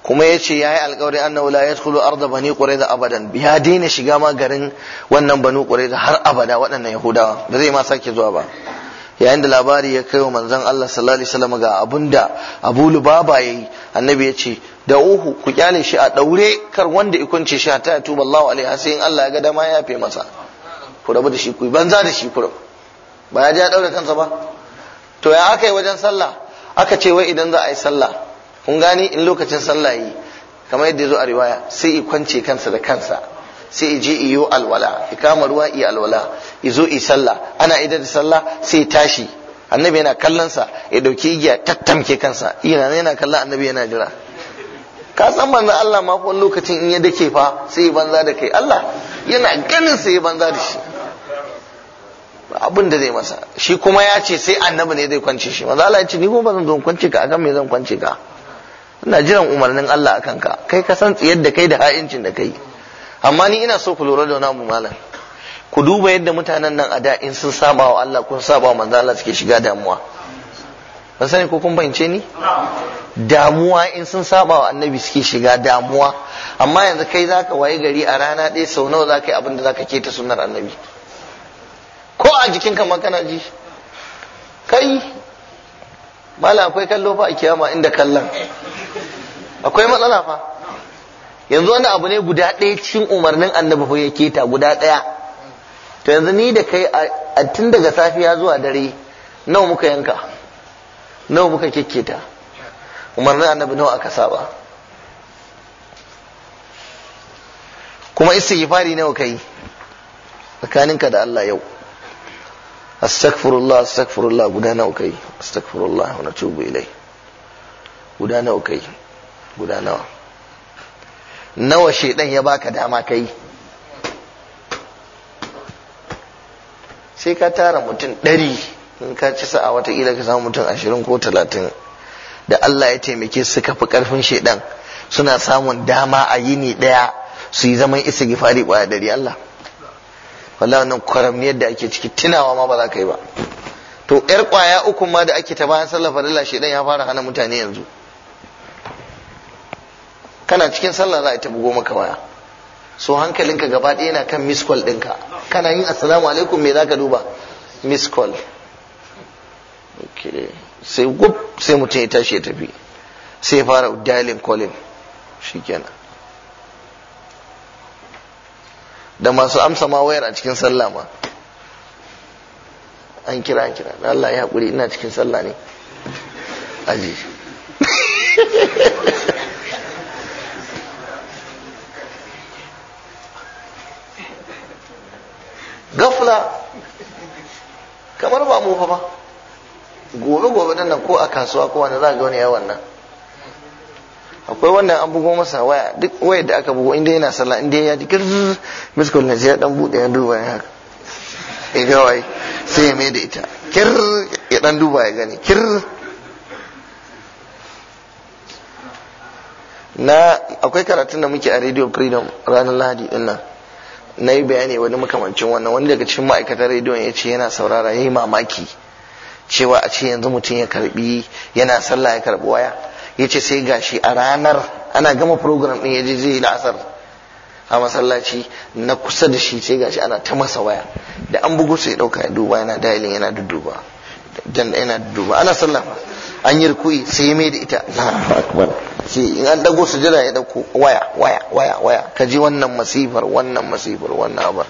kuma ya ce ya yi alkawari annahu la yadkhulu arda bani da abadan ya daina shiga ma garin wannan bani da har abada waɗannan yahudawa ba zai ma sake zuwa ba yayin da labari ya kai wa manzon Allah sallallahu alaihi wasallam ga abunda Abu Lubaba yayi annabi ya ce da uhu ku kyale shi a daure kar wanda ikunce shi ta tuba Allahu alaihi sai in Allah ya ga dama ya fe masa ku rabu da shi ku banza da shi ku rabu ba ya ja ya daure kansa ba to ya aka yi wajen sallah aka ce wai idan za a yi sallah kun gani in lokacin sallah yi kamar yadda zo a riwaya sai i kwance kansa da kansa sai je iyo alwala ya kama ruwa iya alwala ya zo i sallah ana idar da sallah sai tashi annabi yana kallon sa ya dauki igiya tattamke kansa ina yana kallon annabi yana jira ka san manzo Allah ma fa lokacin in ya dake fa sai banza da kai Allah yana ganin sai banza da shi abin da zai masa shi kuma ya ce sai annabi ne zai kwance shi manzo Allah ya ce ni kuma bazan zo kwance ka akan me zan kwance ka ina jiran umarnin Allah akan ka kai ka san tsiyar da kai da ha'incin da kai amma ni ina so ku lura da namu malam ku duba yadda mutanen nan a da in sun saba wa Allah kun saba wa manzo Allah suke shiga damuwa ban sani ko kun fahimce ni damuwa in sun saba wa annabi suke shiga damuwa amma yanzu kai zaka waye gari a rana ɗaya sau nawa zaka yi abin da zaka ta sunnar annabi ko a jikin ka ma kana ji kai mala akwai kallo fa a kiyama inda kallon akwai matsala fa yanzu wani abu ne guda ɗaya cikin umarnin annabi ko ya keta guda ɗaya to yanzu ni da kai a tun daga safiya zuwa dare nawa muka yanka nawa muka kekketa umarnin annabi nawa aka saba kuma istighfari nawa kai ka da Allah yau astaghfirullah astaghfirullah guda nawa kai astaghfirullah wa natubu ilai guda nawa kai guda nawa nawa shaidan ya baka dama kai? sai ka tara mutum ɗari in ka ci wata watakila ka samu mutum ashirin ko talatin da Allah ya taimake ka fi ƙarfin shaidan suna samun dama a yini ɗaya su yi zaman isa gifari ɓaya dari Allah wallahi wannan ne da ake ciki tunawa ma ba za ka yi ba to ƴar ƙwaya uku ma da ake ta bayan sallafa farilla shedan ya fara hana mutane yanzu kana cikin sallah za a tabi goma ka waya so hankalinka gaba ɗaya yana kan miss call ɗinka kana yin assalamu alaikum me zaka duba miss call sai gub sai mutum ya tashi ya tafi sai fara dialing calling shikenan da masu amsa ma wayar a cikin sallah ma an kira an kira da Allah ya haƙuri ina cikin sallah ne aji gafla kamar ba mu fa ba gobe gobe nan ko a kasuwa ko wanda za ga wani yawan nan akwai wannan an bugo masa waya duk waya da aka bugo inda yana sallah inda ya ji kirz miskul na sai ya dan bude ya duba ya haka ya ga wai sai ya mai da ita kir ya dan duba ya gani kir na akwai karatun da muke a radio freedom ranar lahadi din nan na yi bayani wani makamancin wannan wani daga cikin ma'aikatar rediyon ya ce yana saurara ya yi mamaki cewa a ce yanzu mutum ya karbi yana sallah ya karbi waya ya ce sai gashi a ranar ana gama program din ya je zai la'asar a masallaci na kusa da shi sai gashi ana ta masa waya da an bugu sai dauka ya duba yana dailin yana dudduba yana dudduba ana sallah an yi rukui sai ya mai da ita Allahu akbar ce in an dago sujada ya dauko waya waya waya waya ka ji wannan masifar wannan masifar wannan abar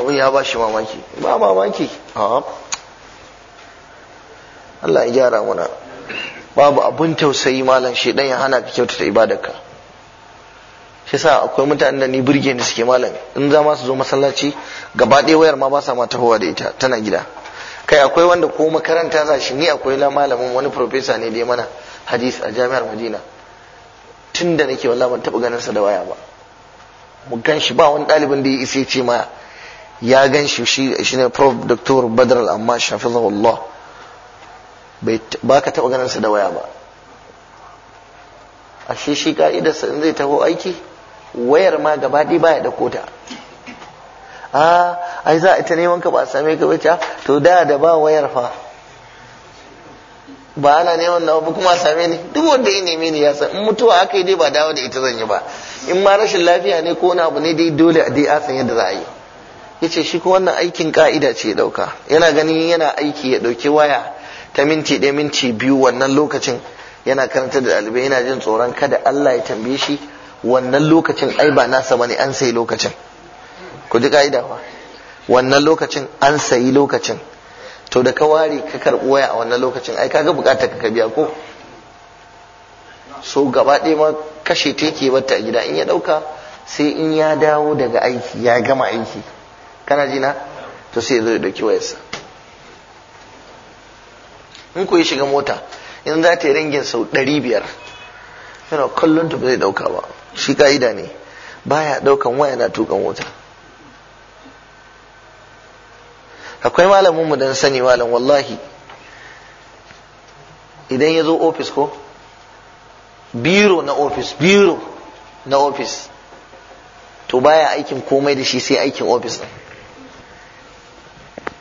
abin ya ba shi mamaki ba mamaki Allah ya gyara mana babu abun tausayi malam shi ya hana ka kyautata ibadarka shi sa akwai mutanen da ni burge ni suke malam in za ma su zo masallaci gaba ɗaya wayar ma ba sa ma tahowa da ita tana gida kai akwai wanda ko makaranta za shi ni akwai la malamin wani profesa ne da ya mana hadisi a jami'ar madina tun da nake wallahi ban taɓa ganin sa da waya ba mu gan shi ba wani ɗalibin da ya isa ce ma ya gan shi shi ne prof dr badr al-amma shafizahullah ba ka taɓa ganin sa da waya ba ashe shi ka'idarsa in zai taho aiki wayar ma gaba ɗaya baya da kota a ai za a ita neman ka ba a same ka ba to da da ba wayar fa ba ana neman nawa ba kuma a same ni duk wanda ya neme ni ya san in mutuwa aka yi dai ba dawo da ita zan yi ba in ma rashin lafiya ne ko na abu ne dai dole a dai asan yadda za a yi Ya ce shi ko wannan aikin ka'ida ce ya dauka yana ganin yana aiki ya dauki waya ta minti ɗaya minti biyu wannan lokacin yana karanta da ɗalibai yana jin tsoron kada Allah ya tambaye shi wannan lokacin ai ba nasa ba bane an sai lokacin ku ji ka'ida ba wannan lokacin an sayi lokacin to da ka ware ka karɓi waya a wannan lokacin ai kaga bukatar ka biya ko so gaba ɗaya ma kashe ta yake bata a gida in ya ɗauka sai in ya dawo daga aiki ya gama aiki kana jina to sai zo ya ɗauki wayarsa in ku yi shiga mota in za ta yi rangin sau ɗari biyar yana kallon ta ba zai ɗauka ba shi ka'ida ne baya ɗaukan waya na tukan mota akwai malamin mu da na sani malam wallahi idan ya zo ofis ko biro na ofis biro na ofis to baya aikin komai da shi sai aikin ofis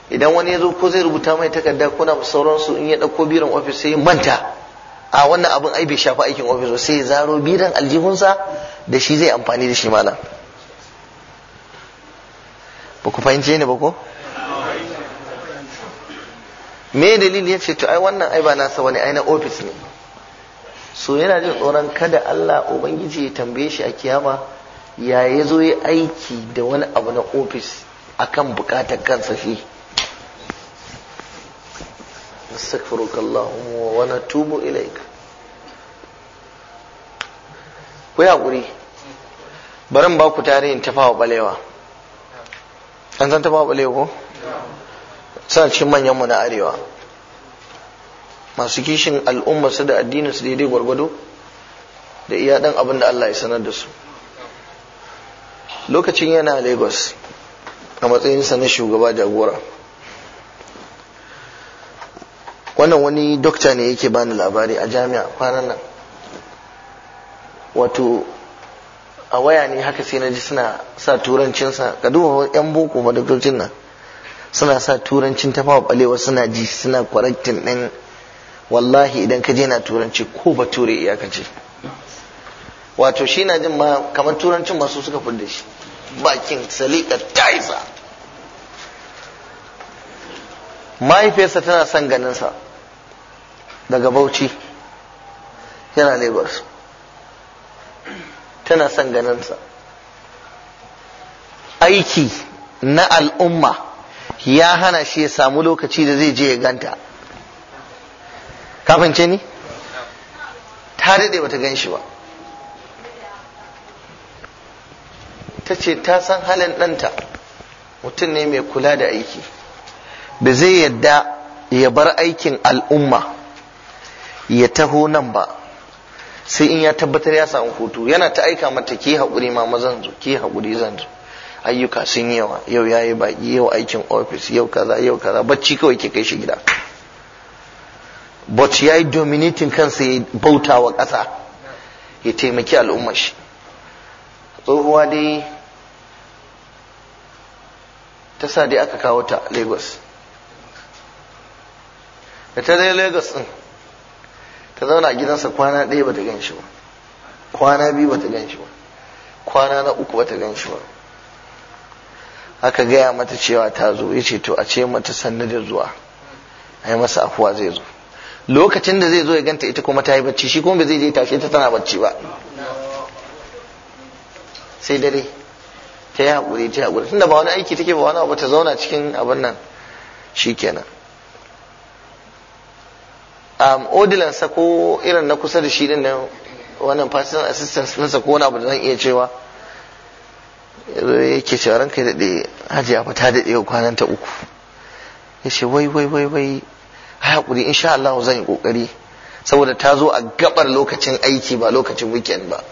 idan wani ya zo ko zai rubuta mai takarda ko na sauransu in ya ɗauko biron ofis sai manta a wannan abin ai bai shafi aikin ofis ba sai ya zaro biran aljihunsa da shi zai amfani da shi malam ba ku fahimce ni ba ko me dalili ya ce to ai wannan ai ba nasa wani ai na ofis ne so yana jin tsoron kada Allah ubangiji ya tambaye shi a kiyama ya yazo zo ya aiki da wani abu na ofis akan bukatar kansa shi wa wana tubu إليك ku guri barin ba ku tarihin tafawa balewa an san tafawa balewa ko? suna cikin manyanmu na arewa masu kishin al'umma su da addinin su daidai gwargwado da iya dan abin da Allah ya sanar da su lokacin yana lagos a matsayinsa na shugaba jagora wannan wani dokta ne yake bani labari a jami'a kwanan nan wato a waya ne haka sai na ji suna sa turancinsa ka duba yan boko madaktocin nan suna sa turancin tafawa balewa suna ji suna correcting din wallahi idan ka je na turanci ko ba ture ce. wato shi na jin ma kamar turancin masu suka fudda shi bakin salika taisa mahaifiyarsa tana son ganinsa daga bauchi yana lagos tana son ganinsa aiki na al'umma ya hana shi ya samu lokaci da zai je ya ganta kafin ce ni ta daɗe bata gan shi ba ta ce ta san halin ɗanta mutum ne mai kula da aiki da zai yadda ya bar aikin al'umma ya taho nan ba sai in ya tabbatar ya samu hutu yana ta aika mata ke haƙuri ma mazan zo ke haƙuri zan ayyuka sun yi yawa yau ya yi baki yau aikin ofis yau kaza yau kaza bacci kawai ke kai shi gida but ya yi dominating kansa ya bauta wa ƙasa ya taimaki al'ummashi, shi tsohuwa dai ta sa dai aka kawo ta lagos da ta dai lagos din ta zauna a gidansa kwana ɗaya ta gan shi ba kwana biyu ta gan shi ba kwana na uku ta gan shi ba aka gaya mata cewa ta zo ya ce to a ce mata sannu da zuwa a yi masa afuwa zai zo lokacin da zai zo ya ganta ita kuma ta yi bacci shi kuma ba zai je tashe ta tana bacci ba sai dare ta yi haƙuri ta yi haƙuri tunda ba wani aiki take ba wani abu ta zauna cikin abin nan shi kenan um, odilansa ko irin na kusa da shi din nan wannan personal assistance nasa ko wani abu da zan iya cewa yake cewa ranka daɗe hajiya fa ta daɗe kwanan ta uku ya ce wai wai wai wai haƙuri insha Allah zan yi ƙoƙari saboda ta zo a gabar lokacin aiki ba lokacin weekend ba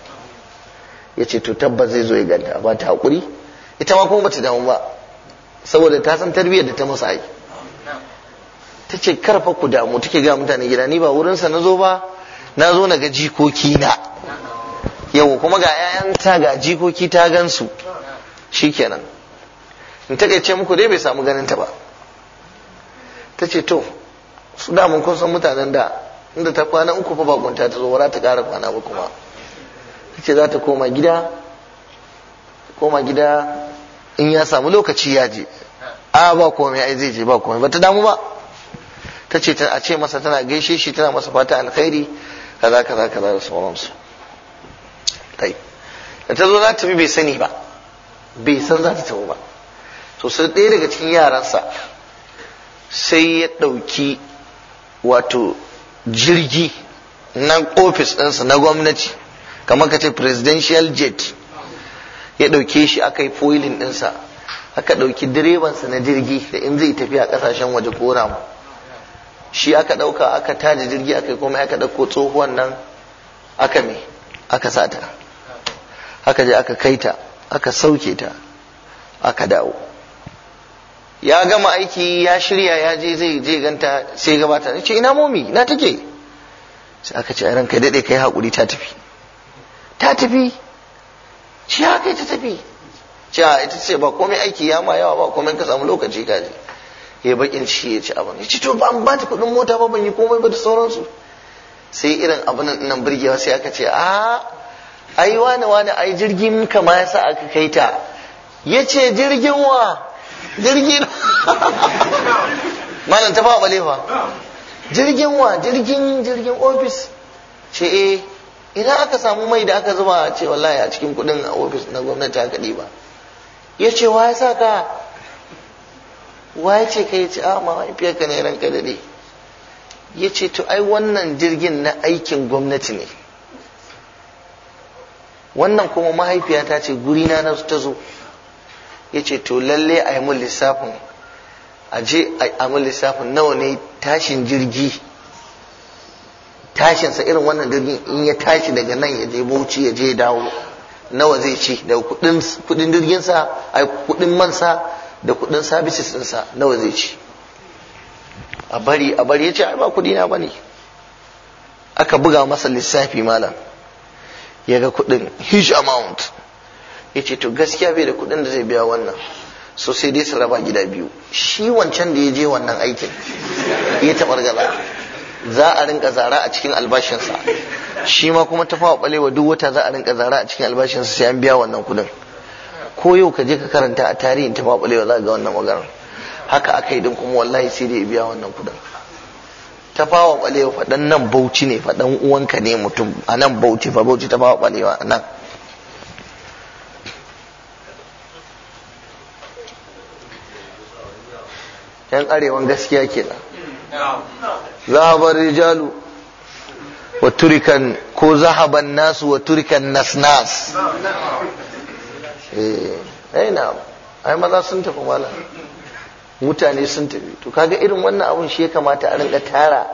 ya ce to tabbas zai zo ya ganta ba ta haƙuri ita ma kuma bata damu ba saboda ta san tarbiyyar da ta masa yi ta ce karfa ku damu take ga mutane gida ni ba wurinsa na zo ba na zo na ga jikoki na yau kuma ga 'ya'yanta ga jikoki ta gansu shikenan in takaice muku dai bai samu ganin ta ba ta ce to su da mun san mutanen da inda ta kwana uku fa bakunta ta zo wara ta kara kwana ba kuma ta ce za ta koma gida koma gida in ya samu lokaci ya je a ba komai ai zai je ba komai ba ta damu ba ta ce a ce masa tana gaishe shi tana masa fata alkhairi kaza kaza kaza da sauransu tayi da ta zo za ta bi bai sani ba bai san za ta tafi ba to sai ɗaya daga cikin yaransa sai ya ɗauki wato jirgi na ofis ɗinsa na gwamnati kamar ka ce presidential jet ya ɗauke shi aka yi foilin ɗinsa aka ɗauki direbansa na jirgi da in zai tafi a kasashen waje ko ramu shi aka ɗauka aka taji jirgi aka yi komai aka ɗauko tsohuwan nan aka me aka sata aka je aka kai ta aka sauke ta aka dawo ya gama aiki ya shirya ya je zai je ganta sai gabata ce ina momi na take sai aka ce ranka daɗe kai hakuri ta tafi ta tafi ci ya kai ta tafi Ci ita ce ba komai aiki ya ma yawa ba komai ka samu lokaci ka je ya bakin shi ya ci abin ya ce to ba ba ta kuɗin mota ba ban yi komai ba da sauransu sai irin abin nan birgewa sai aka ce a ai wani wani ai jirgin ka ma yasa aka kai ta yace jirgin wa jirgin malam ta fa balefa jirgin wa jirgin jirgin ofis ce eh idan aka samu mai da aka zuba ce wallahi a cikin kudin a ofis na gwamnati aka ba ya ce wa ya sa ka wa ya ce ka ya ce ah, a ka ne ranka daɗe ya ce to ai wannan jirgin na aikin gwamnati ne wannan kuma mahaifiyata ce gurina na ta zo ya ce to lalle a yi mun lissafin a je a mun lissafin nawa ne tashin jirgi tashinsa irin wannan jirgin in ya tashi daga nan ya je bauchi ya je dawo nawa zai ci daga kudin jirginsa a kudin mansa da kudin sabisinsa ɗinsa nawa zai ci a bari a bari ya ce ai ba kudi na bane aka buga masa lissafi malam ya ga kuɗin huge amount ya ce to gaskiya bai da kuɗin da zai biya wannan so sai dai su raba gida biyu shi wancan da ya je wannan aikin ya taɓar gaza za a rinka zara a cikin albashinsa shi ma kuma ta fawa balewa duk wata za a rinka zara a cikin albashinsa sai an biya wannan kuɗin ko yau ka je ka karanta a tarihin ta fawa balewa za ga wannan magana haka aka yi din kuma wallahi sai dai ya biya wannan kuɗin ta fawa kwalewa faɗan nan bauchi ne faɗan uwanka ne mutum a nan bauchi fa bauchi ta fawa kwalewa a nan yan arewan gaskiya ke kenan zahabar rijalu wa turikan ko zahaban nasu wa turikan nas eh ai na ai maza sun tafi malam mutane sun tafi to kaga irin wannan abun shi ya kamata a rinka tara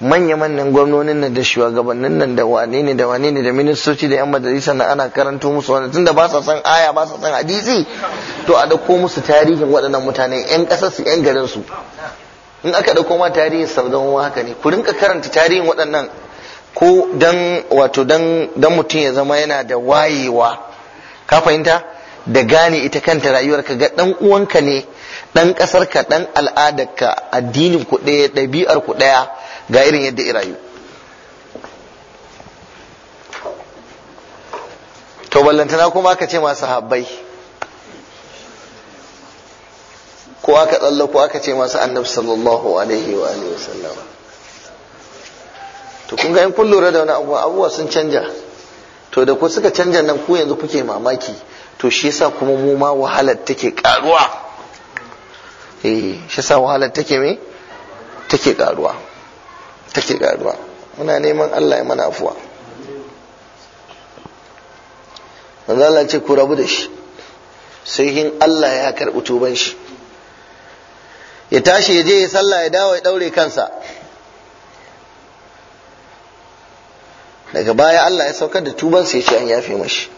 manya-manyan gwamnonin nan da shugabannin nan da wane ne da wane ne da ministoci da yan majalisa na ana karanto musu wani tunda ba sa san aya ba sa san hadisi to a dauko musu tarihin waɗannan mutane yan ƙasar su yan garin su in aka dauko ma tarihin wa haka ne ku rinka karanta tarihin waɗannan ko dan wato dan dan mutum ya zama yana da wayewa ka fahimta da gane ita kanta rayuwar ka ga dan uwanka ne dan kasar ka dan al'adar ka addinin ku ɗaya ɗabi'ar ku ɗaya ga irin yadda irayu to ballantana kuma aka ce masu habbai ko aka tsalla ko aka ce masu annab sallallahu alaihi wa alihi wasallam to kun ga in kun lura da wani abuwa abuwa sun canja to da ku suka canja nan ku yanzu kuke mamaki to shi yasa kuma mu ma wahalar take karuwa Eh, shi sa wahalar take me take karuwa take karuwa muna neman Allah ya mana afuwa manzo Allah ce ku rabu da shi sai hin Allah ya karɓi tuban shi ya tashi ya je ya sallah ya dawo ya daure kansa daga baya Allah ya saukar da tubansa ya ce an yafe mashi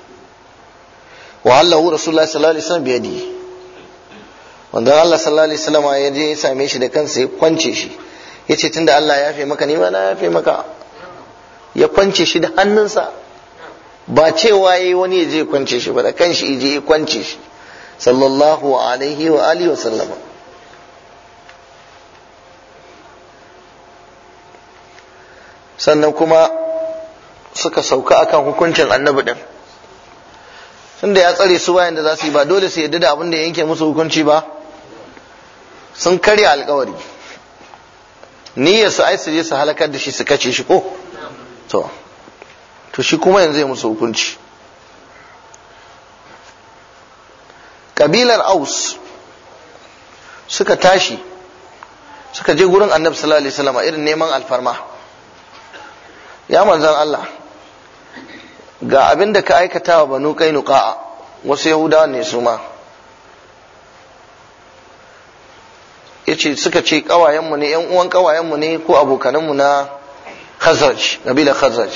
wa Allah rasulullah sallallahu alaihi wasallam biyadihi wanda Allah sallallahu alaihi wasallam ya je ya same shi da kansa ya kwance shi yace tunda Allah ya yafe maka ni ma na yafe maka ya kwance shi da hannunsa ba cewa yayi wani ya je ya kwance shi ba da kanshi ya je ya kwance shi sallallahu alaihi wa alihi wa sallama sannan kuma suka sauka akan hukuncin annabi din tunda ya tsare su bayan da za su yi ba dole su yadda da abin da yanke musu hukunci ba sun karya alkawari niyyar su ai su je su halakar da shi su kace shi ko to to shi kuma yanzu ya musu hukunci kabilar aus suka tashi suka je gurin annabi sallallahu alaihi wasallam irin neman alfarma ya manzan Allah ga abin da ka aikata wa banu kainuka wasu yahudawa ne su ma yace suka ce kawayenmu ne yan uwan kawayenmu ne ko abokananmu na khazraj nabila khazraj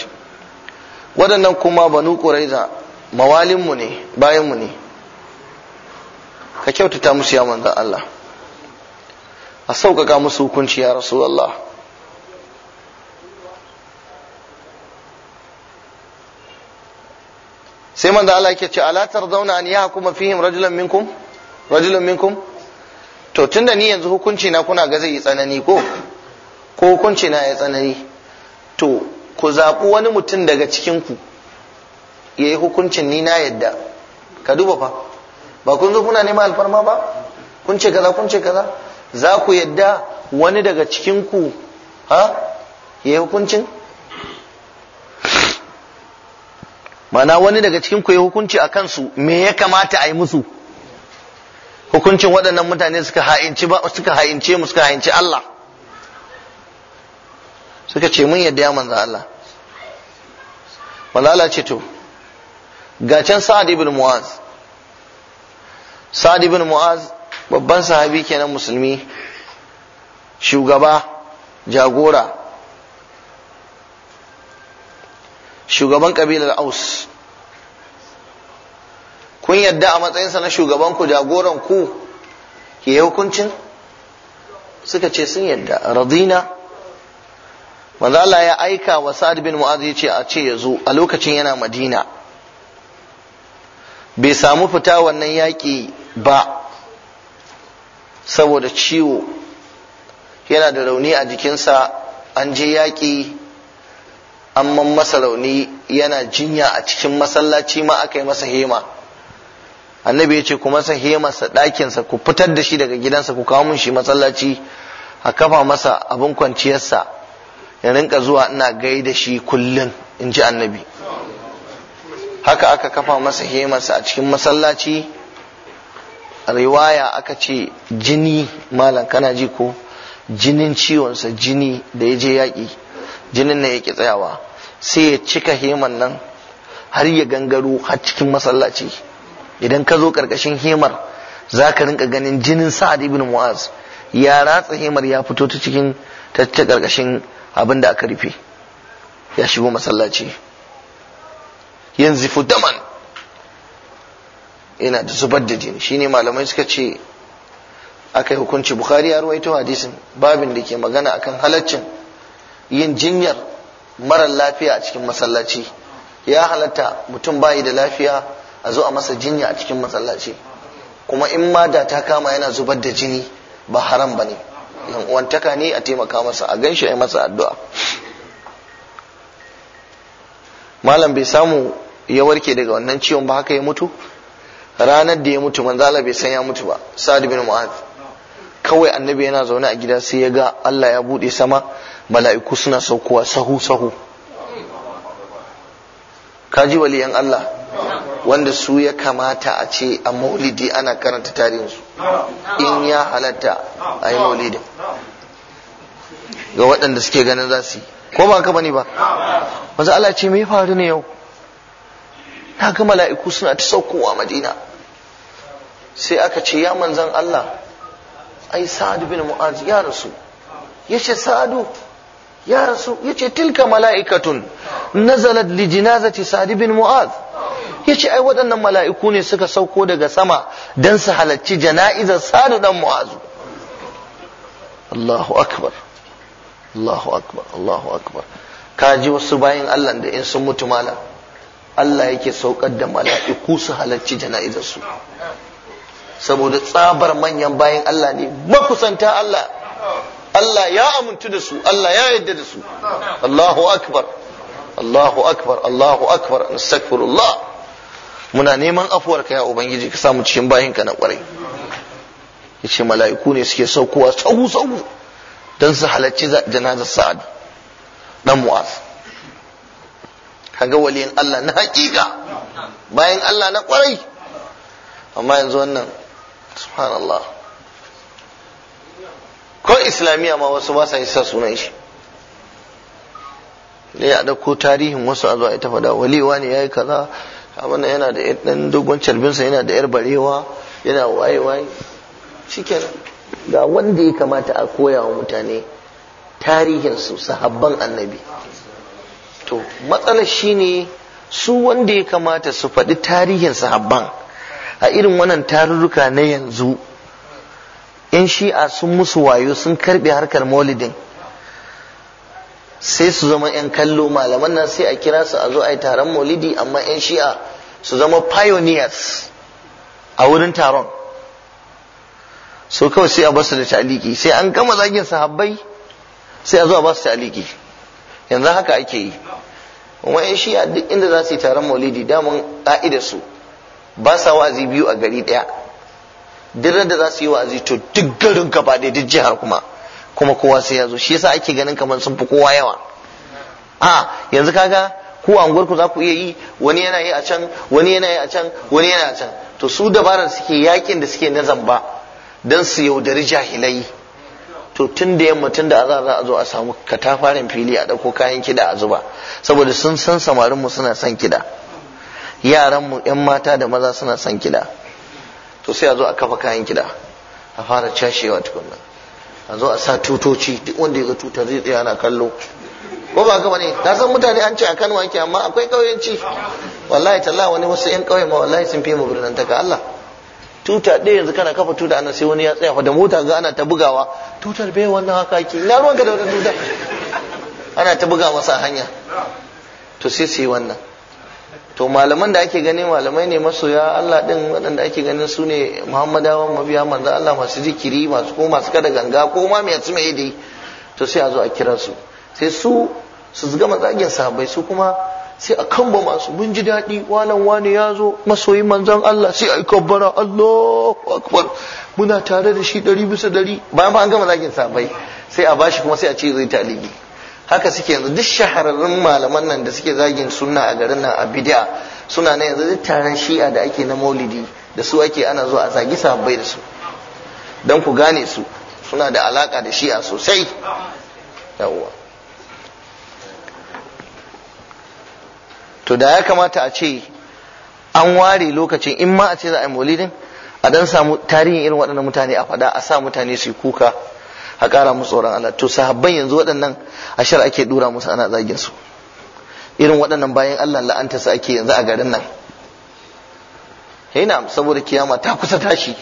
waɗannan kuma banu quraiza mawalinmu ne bayanmu ne ka kyautata musu ya manzan Allah a sauƙaƙa musu hukunci ya rasu Allah sai manzan Allah ke ce alatar zauna an yi hakuma fihim rajulan minkum rajulan minkum to tunda ni yanzu hukunci na kuna ga zai yi tsanani ko ko hukunci na ya tsanani to ku zaɓi wani mutum daga cikin ku ya yi hukuncin ni na yadda ka duba fa ba kun zo kuna neman alfarma ba kun ce kaza kun ce kaza za ku yadda wani daga cikin ku ha ya yi hukuncin mana wani daga cikin ku ya hukunci a kansu me ya kamata a yi musu hukuncin waɗannan mutane suka ha'inci ba suka ha'ince mu suka ha'inci Allah suka ce mun yadda ya manzo Allah malala ce to ga can Sa'ad ibn Mu'az Sa'ad ibn Mu'az babban sahabi kenan musulmi shugaba jagora shugaban kabilar Aus kun yadda a matsayinsa na shugaban ku jagoran ku Ke hukuncin suka ce sun yadda radina manzo ya aika wa Sa'ad bin Mu'adh ya ce a ce ya zo a lokacin yana Madina bai samu fita wannan yaƙi ba saboda ciwo yana da rauni a jikinsa an je yaƙi an man masa rauni yana jinya a cikin masallaci ma aka yi masa hema annabi ya ce ku masa hemarsa ɗakinsa ku fitar da shi daga gidansa ku kawo mun shi masallaci a kafa masa abin kwanciyarsa ya rinka zuwa ina gai da shi kullun in ji annabi haka aka kafa masa hemarsa a cikin masallaci riwaya aka ce jini malam kana ji ko jinin ciwonsa jini da ya je yaƙi jinin na yaƙi tsayawa sai ya cika heman nan har ya gangaro har cikin masallaci idan ka zo karkashin himar za ka rinka ganin jinin sa'ad ibn mu'az ya ratsa himar ya fito ta cikin ta karkashin abin da aka rufe ya shigo masallaci yanzu daman ina da zubar da jini Shi ne malamai suka ce aka yi hukunci bukhari ya ruwaito hadisin babin da ke magana akan halaccin yin jinyar marar lafiya a cikin masallaci ya halatta mutum bayi da lafiya a zo a masa jinya a cikin masallaci kuma in ma da ta kama yana zubar da jini ba haram ba ne yan uwantaka ne a taimaka masa a gan shi a yi masa addu'a malam bai samu ya warke daga wannan ciwon ba haka ya mutu ranar da ya mutu manzala bai san ya mutu ba sa'ad bin mu'ad kawai annabi yana zaune a gida sai ya ga Allah ya buɗe sama mala'iku suna saukowa sahu sahu kaji waliyan Allah wanda su ya kamata a ce a maulidi ana karanta tarihinsu in ya halatta a yi maulidin ga waɗanda suke ganin za su yi ko ba ka bani ba maza Allah ce me faru ne yau na ga mala'iku suna ta saukowa madina sai aka ce ya manzan Allah ai sa'adu bin mu'az ya rasu ya ce sa'adu ya rasu yace tilka mala'ikatun nazalat li jinazati Sadi bin mu'adh yace ai waɗannan mala'iku ne suka sauko daga sama dan su halarci jana'izar sa'd dan Mu'azu. Allahu akbar Allahu akbar Allahu akbar kaji wasu bayan Allah da in sun mutu mala Allah yake saukar da mala'iku su halarci jana'izar su saboda tsabar manyan bayan Allah ne makusanta Allah Allah ya amintu da su Allah ya yarda da su Allahu akbar Allahu akbar Allahu akbar nastaghfirullah muna neman afuwarka ya ubangiji ka samu cikin bayinka na kwarai ce mala'iku ne suke saukowa tsagu tsagu dan su halarci janazar sa'ad dan mu'az kaga waliyin Allah na hakika bayan Allah na kwarai amma yanzu wannan subhanallah ko islamiyya ma wasu ba sa isa sunan shi ne a ɗauko tarihin wasu a zuwa ita fada waliwa ne ya yi kaza abin yana da ɗan dogon carbinsa yana da yar barewa yana waye waye shikenan ga wanda ya kamata a koya wa mutane tarihinsu sahabban annabi to matsalar shine su wanda ya kamata su faɗi tarihin sahabban a irin wannan tarurruka na yanzu in shi'a sun musu wayo sun karbe harkar maulidin sai su zama 'yan kallo malaman nan sai a kira su a zo a yi taron maulidi amma 'yan shi'a su zama pioneers a wurin taron so kawai sai a basu da taliki sai an gama zagin sahabbai sai a zo a basu taliki yanzu haka ake yi kuma 'yan shi'a duk inda za su yi taron maulidi damar ka'idar su ba sa wa'azi biyu a gari ɗaya duk da za su yi wa'azi to duk garin gaba ɗaya duk jihar kuma kuma kowa sai ya zo shi yasa ake ganin kamar sun fi kowa yawa a yanzu kaga ku unguwar ku za ku iya yi wani yana yi a can wani yana yi a can wani yana a can to su dabarar suke yakin da suke na zamba dan su yaudari jahilai to tun da yamma tun da za a zo a samu katafaren fili a ɗauko kayan kiɗa a zuba saboda sun san samarin mu suna son kiɗa yaran mu yan mata da maza suna son kiɗa to sai a zo a kafa kayan gida a fara cashewa tukunna a zo a sa tutoci duk wanda ya ga tutar zai tsaya na kallo ko ba ka ne na san mutane an ce a Kano yake amma akwai ƙauyenci wallahi talla wani wasu 'yan ƙauye ma wallahi sun fi mu birnin ta Allah tuta ɗaya yanzu kana kafa tuta ana sai wani ya tsaya da mota ga ana ta bugawa tutar bai wannan haka ki, na ruwanka da wannan tuta ana ta buga masa hanya to sai su yi wannan to malaman da ake gani malamai ne masoya Allah din waɗanda ake ganin su ne muhammadawa mabiya manzo Allah masu zikiri masu ko masu kada ganga ko ma mai tsime dai to sai a zo a kira su sai su su zuga matsagin sahabbai su kuma sai a kamba masu mun ji daɗi walan wani ya zo masoyi manzon Allah sai a yi kabbara Allahu akbar muna tare da shi ɗari bisa ɗari bayan ba an gama zagin sahabbai sai a bashi kuma sai a ce zai taligi haka suke yanzu duk shahararrun malaman nan da suke zagin sunna a garin nan a bid'a suna na yanzu duk taron shi'a da ake na maulidi da su ake ana zuwa a zagi sahabbai da su don ku gane su suna da alaka da shi'a sosai yawwa to da ya kamata a ce an ware lokacin in ma a ce za a yi maulidin a dan samu tarihin irin waɗannan mutane a faɗa a sa mutane su kuka a ƙara musu tsoron Allah to sahabban yanzu waɗannan ashar ake dura musu ana zagin su irin waɗannan bayan Allah la'anta su ake yanzu a garin nan yana saboda kiyama ta kusa tashi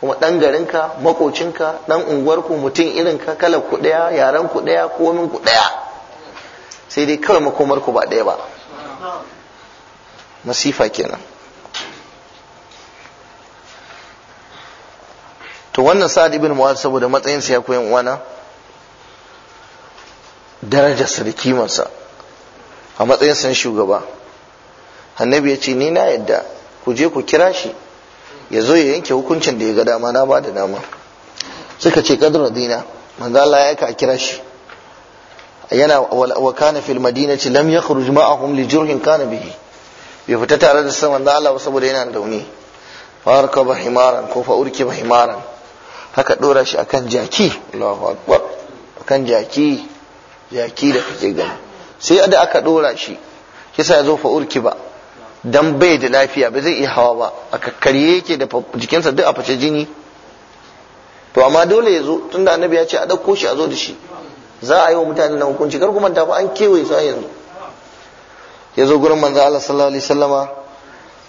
kuma ɗan garinka makocinka ɗan unguwarku mutum irinka kalar ku ɗaya yaren ku ɗaya komin ku ɗaya sai dai kawai makomarku ba ɗaya ba masifa kenan to wannan sa'ad ibn mu'ad saboda matsayin sa ya koyan uwana darajarsa da sa a matsayin sa shugaba annabi ya ce ni na yadda ku je ku kira shi ya zo ya yanke hukuncin da ya ga dama na ba da dama suka ce kadar dina manzo Allah ya aika kira shi yana wa kana fil madinati lam yakhruj ma'ahum li jurhin kana bihi bai fita tare da sa manzo Allah saboda yana da wani fa Bahimaran himaran ko fa urki himaran aka ɗora shi akan jaki Allahu akbar akan jaki jaki da kake gani sai da aka dora shi kisa ya zo fa urki ba dan bai da lafiya ba zai iya hawa ba a kakkarye yake da jikinsa duk a face jini to amma dole ya zo tunda annabi ya ce a ɗauko shi a zo da shi za a yi wa mutane na hukunci kar kuma tafi an kewaye su yanzu ya zo gurin manzo Allah sallallahu alaihi wasallama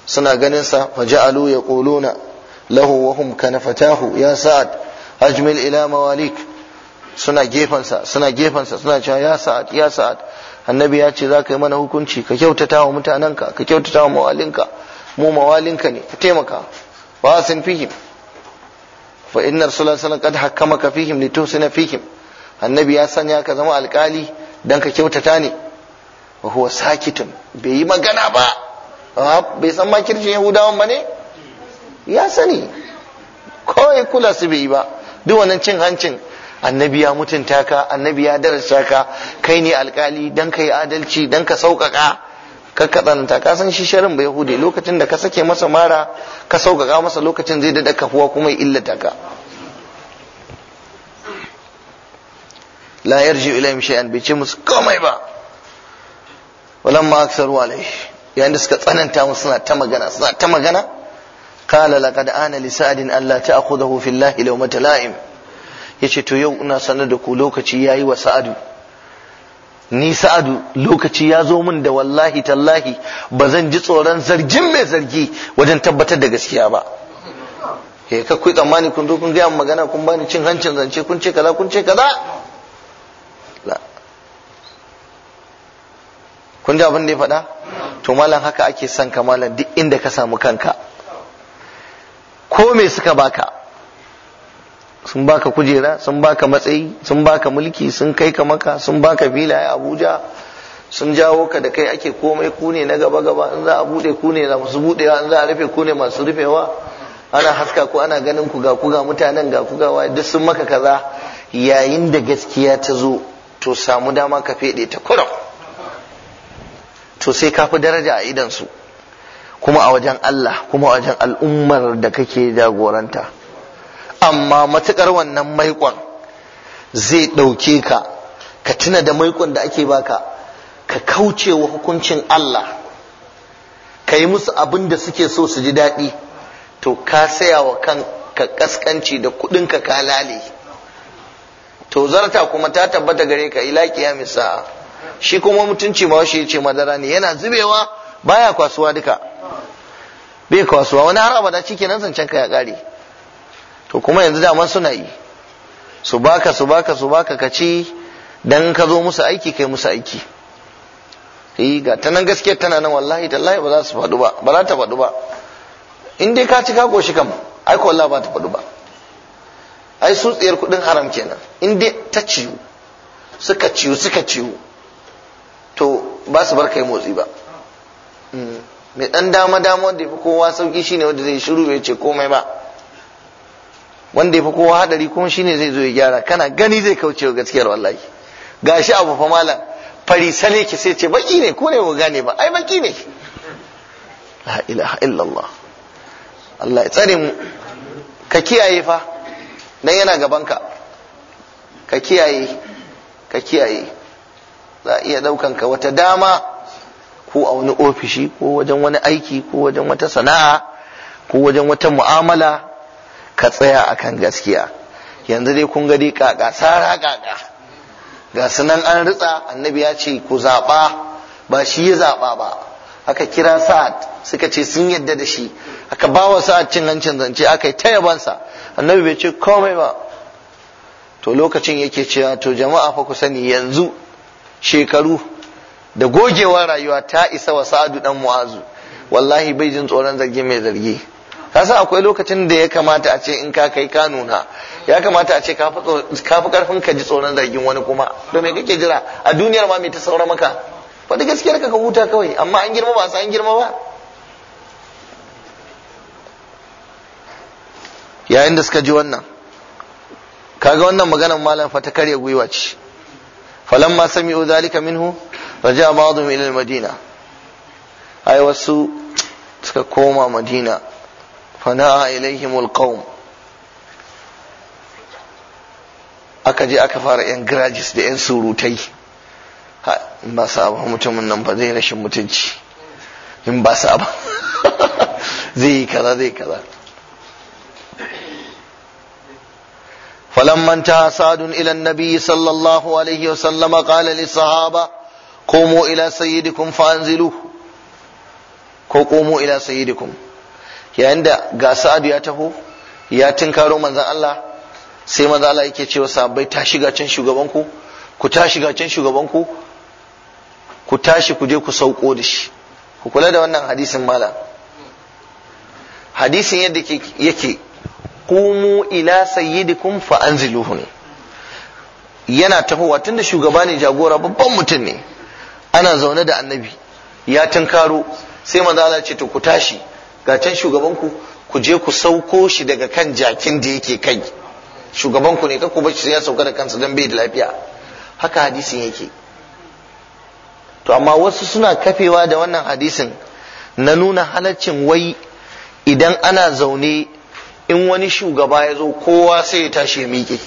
suna ganin sa fa ja'alu yaquluna له وهم كنفتاه يا سعد أجمل إلى مواليك suna gefensa suna gefensa suna cewa ya sa'ad ya sa'ad annabi ya ce za ka yi mana hukunci ka kyautata wa mutanenka ka kyautata wa mawalinka mu mawalinka ne ka taimaka ba sun fihim fa inna rasulullahi sallallahu alaihi wasallam qad fihim litusina fihim annabi ya sanya ka zama alkali dan ka kyautata ne wa huwa sakitun bai yi magana ba ah, bai san makircin yahudawan ba ne ya sani kawai kula su bai yi ba duk wannan cin hancin annabi ya mutunta ka annabi ya darasa ka kai ne alkali dan kai adalci dan ka sauƙaƙa ka tsananta ka san shi sharin bai hude. lokacin da ka sake masa mara ka sauƙaƙa masa lokacin zai daɗa kafuwa kuma ya illata ka la yarji ilayhim shay'an bai ce musu komai ba walamma aksaru alai yayin da suka tsananta musu suna ta magana suna ta magana qala laqad ana li sa'adin alla ta'khudhahu fi Allah lawmata la'im yace to yau ina sanar da ku lokaci yayi wa sa'adu ni sa'adu lokaci ya zo min da wallahi tallahi ba zan ji tsoron zargin mai zargi wajen tabbatar da gaskiya ba ke ka kuyi tsammani kun zo kun gaya magana kun bani cin hancin zance kun ce kaza kun ce kaza kun ji abin da ya faɗa to malam haka ake son ka malam duk inda ka samu kanka ko me suka baka sun baka kujera sun baka matsayi sun baka mulki sun kai ka maka sun baka filaye abuja sun jawo ka da kai ake komai kune na gaba gaba in za a bude kune na masu budewa in za a rufe kune masu rufewa ana haska ko ana ganin ku ga ku mutanen ga ku ga waye duk sun maka kaza yayin da gaskiya ta zo to samu dama ka fede ta kurum to sai ka fi daraja a idan su kuma a wajen Allah kuma a wajen al'ummar da kake jagoranta amma matukar wannan maikon zai ɗauke ka ka tuna da maikon da ake baka ka kauce wa hukuncin Allah ka yi musu abin da suke so su ji daɗi to ka saya wa kan ka kaskanci da kuɗinka ka lale to zarta kuma ta tabbata gare ka ila kiyamisa shi kuma mutunci ma shi ce madara ne yana zubewa baya kwasuwa duka bai kasuwa wani har abada cike nan zancen ka ya kare to kuma yanzu daman suna yi su baka su baka su baka ka ci dan ka zo musu aiki kai musu aiki eh ga ta nan tana nan wallahi tallahi ba za su faɗu ba ba za ta faɗu ba in dai ka ci ka goshi kam ai ko wallahi ba ta faɗu ba ai su tsiyar kuɗin haram kenan in dai ta ciwu suka ciwu suka ciwu to ba su bar kai motsi ba hmm. mai dan dama dama wanda ya fi kowa sauki shine wanda zai shiru bai ce komai ba wanda ya fi kowa hadari kuma shine zai zo ya gyara kana gani zai kauce wa gaskiyar wallahi gashi abu fa malam fari sale ki sai ce baki ne ko ne ba gane ba ai baki ne la ilaha illallah Allah ya tsare mu ka kiyaye fa dan yana gabanka ka kiyaye ka kiyaye za a iya daukan ka wata dama ko a wani ofishi ko wajen wani aiki ko wajen wata sana'a ko wajen wata mu'amala ka tsaya akan gaskiya yanzu dai kun gadi kaka sara kaka ga sunan an ritsa annabi ya ce ku zaɓa ba shi ya zaɓa ba aka kira sa'ad suka ce sun yadda da shi aka ba wa sa'ad cin hancin zance aka yi ta yabansa annabi bai ce komai ba to lokacin yake cewa to jama'a fa ku sani yanzu shekaru da gogewar rayuwa ta isa wa sa'adu dan mu'azu wallahi bai jin tsoron zargi mai zargi kasa akwai lokacin da ya kamata a ce in ka kai ka nuna ya kamata a ce ka fi karfin ka ji tsoron zargin wani kuma to me kake jira a duniyar ma me ta saura maka faɗi gaskiyar ka ka huta kawai amma an girma ba an girma ba yayin da suka ji wannan kaga wannan maganar malam fa ta karya gwiwa ce falamma sami'u zalika minhu raja ba'dhum ila madina ai wasu suka koma madina fana'a ilaihim alqawm aka je aka fara yan girajis da yan surutai in ba sa ba mutumin nan ba zai rashin mutunci in ba zai yi kaza zai kaza فلما انتهى سعد الى النبي صلى الله عليه وسلم قال للصحابه komo ila sayyidikum fa anzilu ko komo ila sayyidikum yayin da ga sa'adu ya taho ya tinkaro manzan Allah sai manzon Allah yake cewa sahabbai ta shiga can shugaban ku ku ta shiga can shugaban ku ku tashi ku je ku sauko da shi ku kula da wannan hadisin malam hadisin yadda yake komo ila sayyidikum fa anziluhu ne yana tahowa tunda shugaba ne jagora babban mutum ne ana zaune da annabi ya tunkaro sai manzo Allah ce to ku tashi ga can shugabanku ku je ku sauko shi daga kan jakin da yake kai shugabanku ne ku bace shi ya sauka da kansa dan bai da lafiya haka hadisin yake to amma wasu suna kafewa da wannan hadisin na nuna halaccin wai idan ana zaune in wani shugaba ya zo kowa sai ya tashi ya miƙe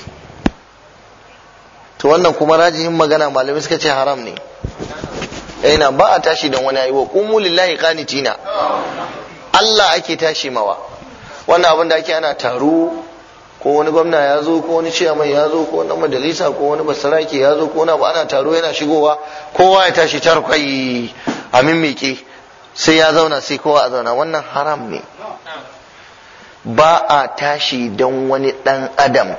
to wannan kuma rajihin magana malamai suka ce haram ne yana eh, ba a tashi don wani ayi wa qumu lillahi qanitina Allah ake tashi mawa wannan abin da ake ana taro ko wani gwamna ya zo ko wani ciyaman ya zo ko wani majalisa ko wani basarake ya zo ko wani abu ana taro yana shigowa kowa ya tashi tarkwai a mimmike sai ya zauna sai kowa a zauna wannan haram ne ba a tashi don wani dan adam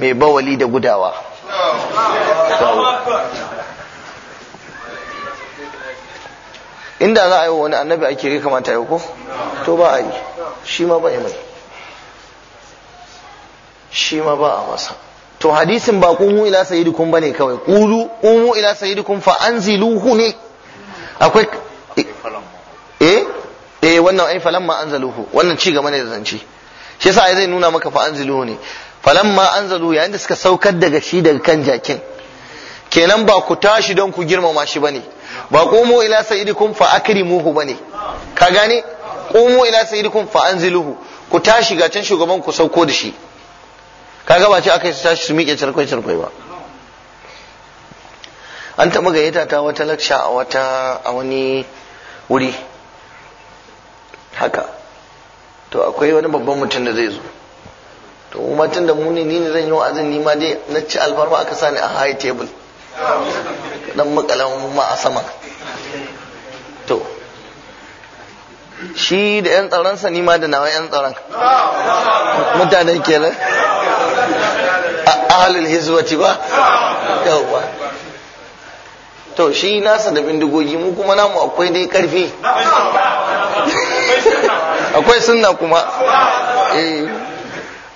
mai bawali da gudawa inda za a yi wani annabi ake yi kamata yau ko to ba a yi shi ma ba a mai shi ma ba a masa to hadisin ba kumu ila sayyidikum bane kawai kulu kumu ila sayyidikum fa anziluhu ne akwai eh eh wannan ai falamma anzaluhu wannan ci gaba ne da zance shi yasa ai zai nuna maka fa anziluhu ne falamma anzalu yayin da suka saukar daga shi daga kan jakin kenan ba ku tashi don ku girmama shi bane ba qumu ila sayyidikum fa akrimuhu bane ka gane qumu ila sayyidikum fa anziluhu ku tashi ga can shugaban ku sauko da shi kaga ba ce akai su tashi su miƙe cirkwai cirkwai ba an taɓa gayyata ta wata laksha a wata a wani wuri haka to akwai wani babban mutum da zai zo to kuma tun da muni ni ne zan yi wa'azin ni ma dai na ci alfarma aka sani a high table dan makalan ma a sama to shi da yan tsaronsa ni ma da nawa yan tsaron mutanen kenan ahalul hizbati ba yawa to shi nasa da bindigogi mu kuma namu akwai dai karfi akwai sunna kuma eh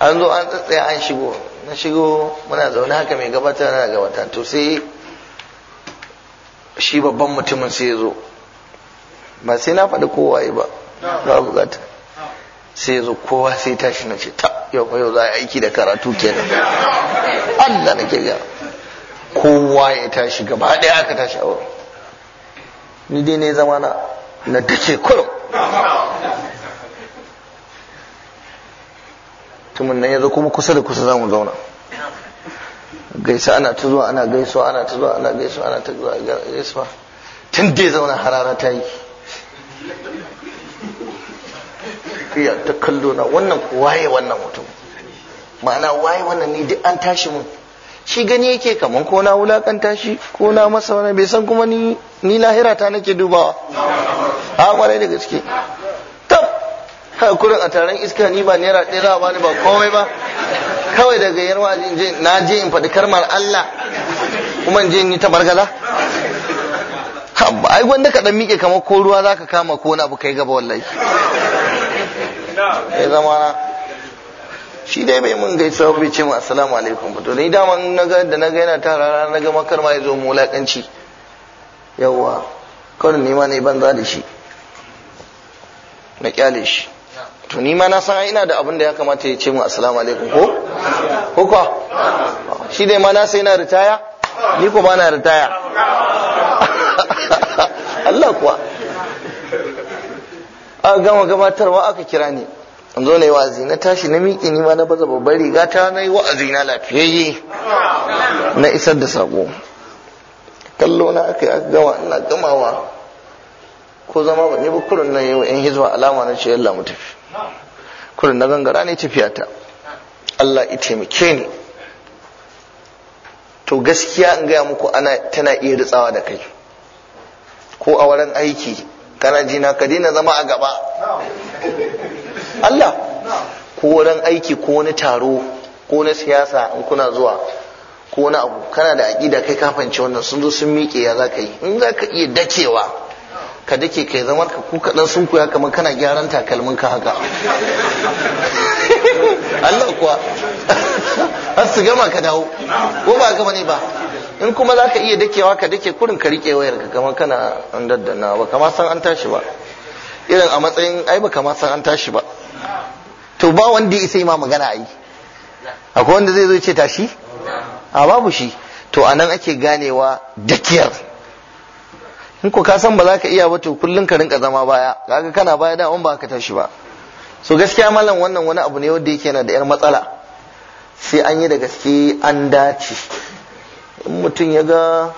an zo an tsatsaya an shigo na shigo muna zaune haka mai gabata na gabata to sai shi babban mutumin sai ya zo ba sai na faɗi kowa ba ba bukata sai ya zo kowa sai tashi na ce ta yau yau za a aiki da karatu kenan Allah na ke ga kowa ya tashi gaba ɗaya aka tashi a wurin ni dai ne zama na na dace kurum mutumin nan zo kuma kusa da kusa za mu zauna gaisa ana ta zuwa ana gaisuwa ana ta zuwa ana gaisuwa ana ta zuwa gaisuwa tun dai zauna harara ta yi iya ta kallo na wannan waye wannan mutum ma'ana waye wannan ni duk an tashi mun shi gani yake kaman ko na wulakanta shi ko na masa wani bai san kuma ni ni lahira ta nake dubawa a kwarai da gaske haka kurin a taron iska ni ba naira ɗaya za a bani ba komai ba kawai daga yarwa na je in faɗi karmar Allah kuma in je in ta bargaza ai wanda ka dan miƙe kamar ko ruwa zaka kama ko wani abu kai gaba wallahi ya zama na shi dai bai mun gaisuwa bai ce mu assalamu alaikum ba to ni dama naga da naga yana tara na ga makar ma yazo mu lakanci yawwa kawai nema ne banza da shi na kyale shi to ni ma na san ina da abin da ya kamata ya ce mu assalamu alaikum ko ko shi dai ma na sai na ritaya ni ko ba na ritaya Allah kuwa a gama gabatarwa aka kira ni in zo na yi wa'azi na tashi na miƙe ni ma na baza babbar riga ta na yi wa'azi na lafiyayye na isar da sako kallo na aka yi aka gama ina gamawa ko zama ba ne ba kurin nan yau yan hizba alama na ce yalla mu tafi kurin na gangara ne tafiyata Allah ya muke ni to gaskiya in gaya muku ana tana iya ritsawa da kai ko a wurin aiki kana jina ka daina zama a gaba Allah ko wurin aiki ko wani taro ko na siyasa in kuna zuwa ko wani abu kana da aƙida kai kafance wannan sun zo sun miƙe ya za ka yi in za ka iya dakewa ka dake kai zaman ka ku kaɗan sun kuya kamar kana gyaran takalmin ka haka Allah kuwa har su gama ka dawo ko ba gama ne ba in kuma za ka iya dakewa ka dake kurin ka riƙe wayar ka kamar kana an daddana ba kama san an tashi ba irin a matsayin ai ba kama san an tashi ba to ba wanda ya sai ma magana a yi akwai wanda zai zo ce tashi a babu shi to anan ake ganewa dakiyar in ko ka san ba za ka iya ba to kullum ka rinka zama baya kaga kana baya da ba ka tashi ba so gaskiya malam wannan wani abu ne wanda yake na da yar matsala sai an yi da gaske an dace in mutum ya ga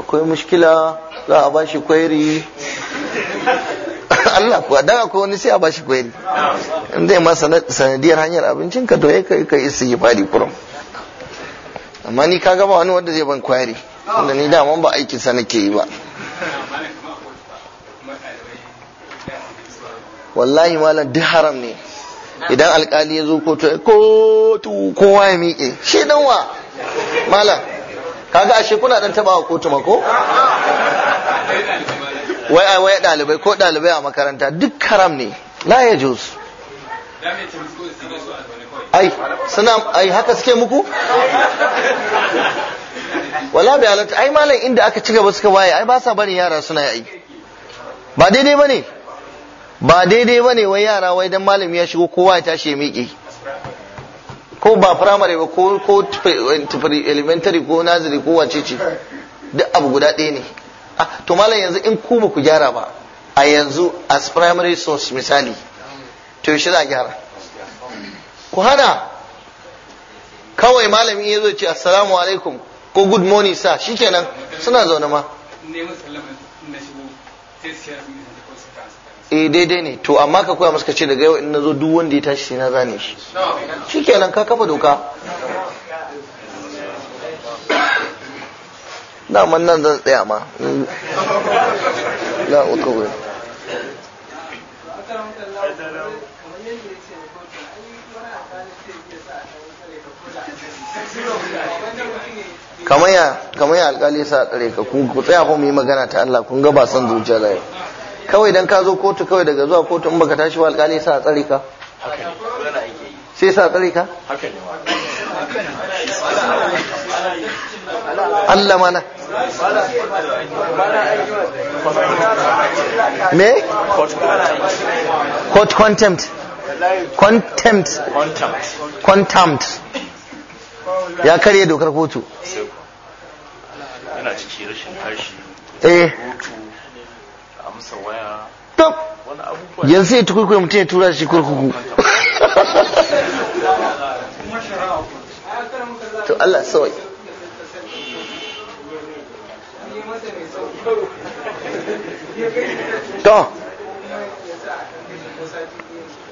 akwai mushkila za a bashi kwairi Allah kuwa dan akwai wani sai a bashi kwairi in zai ma sanadiyar hanyar abincin ka to ya kai sai ya yi kurum amma ni ka ba wani wanda zai ban kwairi wanda ni daman ba aikin aikinsa nake yi ba wallahi malam duk haram ne idan alkali ya zo kotu kotu kowa ya miƙe shi dan wa malam kaga ashe kuna dan taba wa kotu mako wai ai wai dalibai ko dalibai a makaranta duk haram ne la ya juz ai suna ai haka suke muku wala bai halatta ai malam inda aka ci gaba suka waye ai ba sa bari yara suna yi ba daidai bane ba daidai bane wai yara wai dan malami ya shigo kowa ya tashi ya miƙe ko ba primary ba ko ko elementary ko nazari ko wace ce duk abu guda ɗaya ne ah, to malam yanzu in ku ba ku gyara ba a yanzu as primary source misali to shi za gyara ku hana kawai malami ya zo ce assalamu alaikum ko good morning sa shikenan suna zaune ma eh daidai ne to amma ka koya masa ce daga yau in nazo duk wanda ya tashi na zane shi shikenan ka kafa doka man nan zan tsaya ma la uku wai Thank you. kamar ya kamar ya alƙali sa tsare ka ku tsaya ku yi magana ta Allah kun ga ba san zuciya zai kawai dan ka zo kotu kawai daga zuwa kotu in baka tashi wa alƙali sa tsare ka sai sa tsare ka Allah mana me court contempt contempt contempt contempt ya karye dokar kotu yana ciki rashin tashi eh amsa waya tab ya tura shi kurkuku to Allah sawai to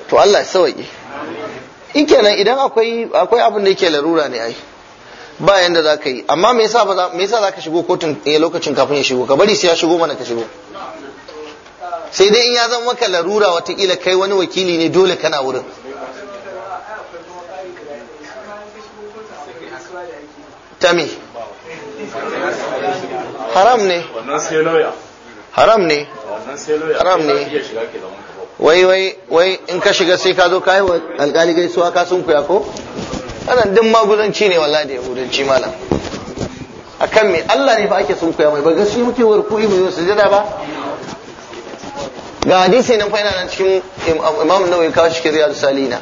to Allah sawai in kenan idan akwai abin da yake larura ne ai ba yanda za ka yi amma me yasa za ka shigo kotun ya eh, lokacin kafin ya shigo ka bari sai ya shigo mana ka shigo sai dai in ya zama maka larura watakila kai wani wakili ne dole kana wurin tami haram ne haram ne haram ne wai wai wai in ka shiga sai ka zo ka yi wa alƙali gaisuwa ka sun kuya ko wannan din maguzanci ne wallahi da yahudanci malam akan me Allah ne fa ake sun kuya mai ba gashi muke warku'i mai sujada ba ga hadisi nan fa yana nan cikin Imam Nawawi ka shi Riyadu Salina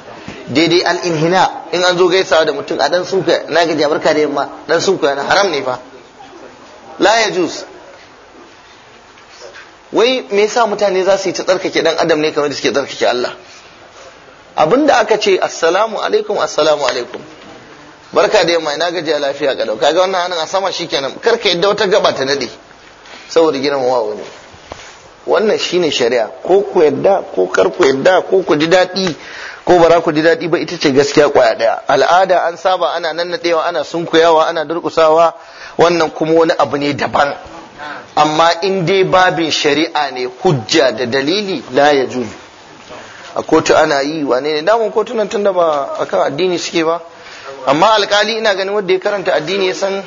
daidai al-inhina in an zo gaisawa da mutum a dan sunkuya na ga jabarka da yamma dan sunkuya na haram ne fa la yajuz wai me yasa mutane za su yi ta tsarkake dan adam ne kamar da suke tsarkake Allah abinda aka ce assalamu alaikum assalamu alaikum barka da yamma ina gajiya lafiya ka dauka ga wannan hannun a sama shikenan kar ka yadda wata gaba ta nade saboda girmamawa wani wannan shine shari'a ko ku yadda ko kar ku yadda ko ku ji daɗi ko bara ku ji daɗi ba ita ce gaskiya kwaya daya al'ada an saba ana nannadewa ana sunkuyawa ana durkusawa wannan kuma wani abu ne daban amma in dai babin shari'a ne hujja da dalili la ya juzu a kotu ana yi wane ne damun tun da ba a kan addini suke ba amma alkali ina ganin wanda ya karanta addini ya san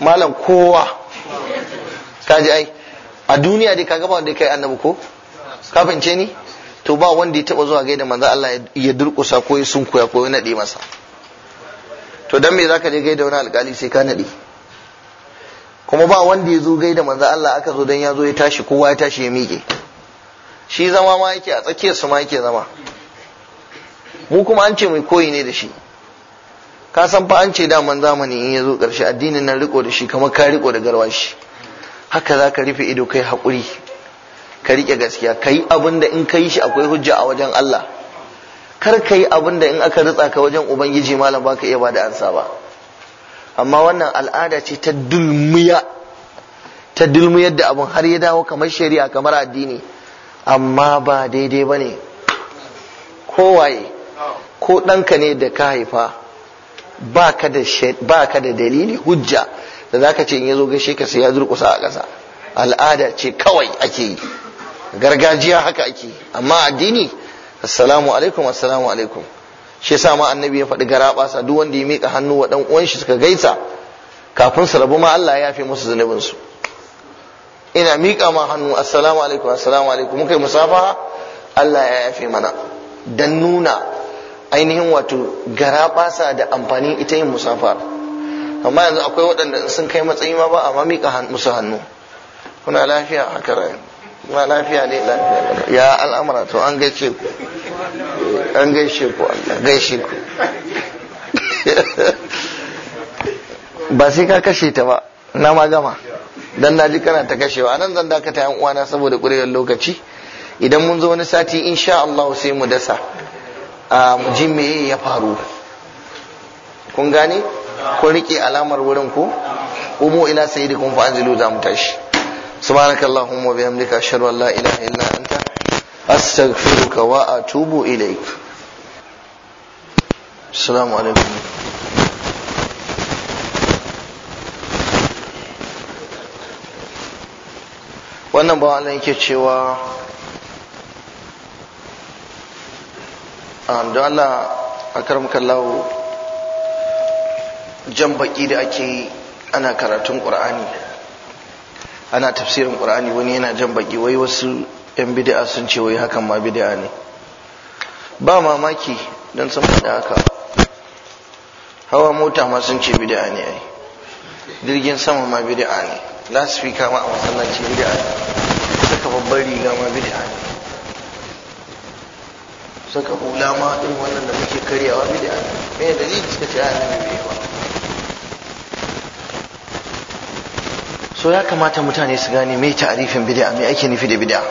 malam kowa kaji ai a duniya dai kaga ba wanda kai annabi ko Kafin ce ni to ba wanda ya taba zuwa gaida manzo Allah ya durkusa ko ya sunkuya ko ya nade masa to dan me zaka je gaida wani alƙali sai ka nade kuma ba wanda ya zo gaida manzo Allah aka zo dan ya zo ya tashi kowa ya tashi ya miƙe shi zama ma yake a tsakiyar su ma yake zama mu kuma an ce mai koyi ne da shi ka san fa an ce da man zamani in ya zo karshe. addinin nan riko da shi kamar ka riko da shi. haka za ka rufe ido kai hakuri ka rike gaskiya ka yi abin da in ka yi shi akwai hujja a wajen Allah kar ka yi abin da in aka ritsa ka wajen ubangiji malam ba ka iya ba da ansa ba amma wannan al'ada ce ta dulmiya ta dulmiyar da abin har ya dawo kamar shari'a kamar addini amma ba daidai ba ne kowaye ko ɗanka ne da ka haifa ba ka da dalili hujja da za ka ce in ya zo gaishe ka sai ya durƙusa a ƙasa al'ada ce kawai ake yi gargajiya haka ake amma addini assalamu alaikum assalamu alaikum shi yasa ma annabi ya faɗi basa duk wanda ya mika hannu wa dan uwan shi suka gaisa kafin su rabu ma Allah ya yafe musu zunubin su ina mika ma hannu assalamu alaikum assalamu alaikum muka yi musafaha Allah ya yafe mana dan nuna ainihin wato basa da amfanin ita yin musafa amma yanzu akwai waɗanda sun kai matsayi ma ba amma mika musu hannu kuna lafiya haka rayu ma lafiya ne lafiya ya al'amura to an gaishe ku an gaishe ku an gaishe ku ba sai ka kashe ta ba na ma gama dan na ji kana ta kashewa nan zan dakata yan uwana saboda ƙurewar lokaci idan mun zo wani sati insha Allah sai mu dasa A ji me ya faru kun gane kun rike alamar wurin ku umu ila sayyidikum fa anzilu za mu tashi سبحانك اللهم وبحمدك an la لا illa anta astaghfiruka wa atubu ilaik السلام alaikum wannan ba wani yake cewa ah, da Allah a karmukan jan baki da ake ana karatun ƙur'ani ana tafsirin qur'ani wani yana jan baki wai wasu yan bid'a sun ce wai hakan ma bid'a ne ba mamaki dan saboda da haka hawa mota ma sun ce bid'a ne ai jirgin sama ma bid'a ne lasfika ma a masallaci bid'a ne saka babbar riga ma bid'a ne saka hula ma din wannan da muke karyawa bid'a ne me dalili suka ce ne bid'a ne so ya kamata mutane su gane mai ta'arifin bid'a mai ake nufi da bid'a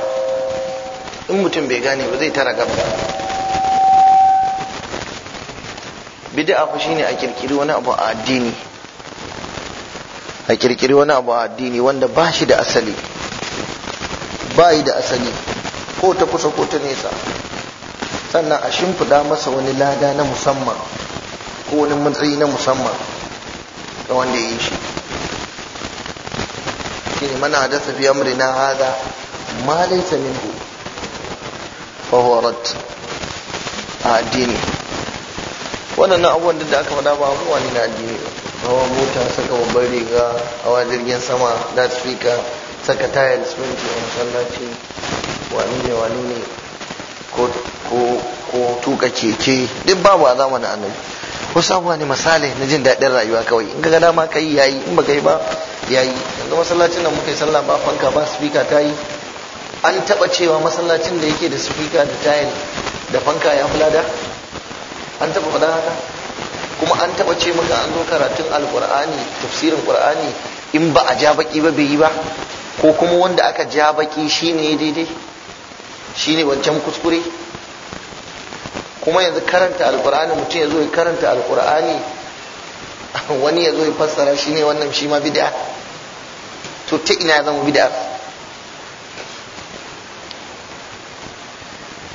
in mutum bai gane ba zai tara gaba bid'a fa shine a kirkiri wani abu a addini a kirkiri wani abu a addini wanda ba shi da asali ba yi da asali ko ta kusa ko ta nesa sannan a shimfiɗa masa wani lada na musamman ko wani matsayi na musamman ga wanda ya yi shi shine man hadatha fi amrina hadha ma laysa minhu fa huwa rad a addini waɗannan abubuwan da aka faɗa ba abubuwa ne na addini ba hawa mota saka babban riga hawa jirgin sama da speaker saka tayar siminti a masallaci wani ne wani ne ko tuka keke duk babu a zamanin annabi wasu abubuwa ne misali na jin daɗin rayuwa kawai in ga dama kai yayi in ba kai ba ya yi yanzu masallacin da muka yi sallah ba fanka ba spika ta yi an taba cewa masallacin da yake da spika da tayin da fanka ya fi lada an taba faɗa haka kuma an taba ce maka an zo karatun alkur'ani tafsirin qur'ani in ba a ja baki ba bai yi ba ko kuma wanda aka ja baki shine daidai shine wancan kuskure kuma yanzu karanta alkur'ani mutum ya zo ya karanta alkur'ani wani ya zo ya fassara shine wannan shi ma bid'a to ta ina bi da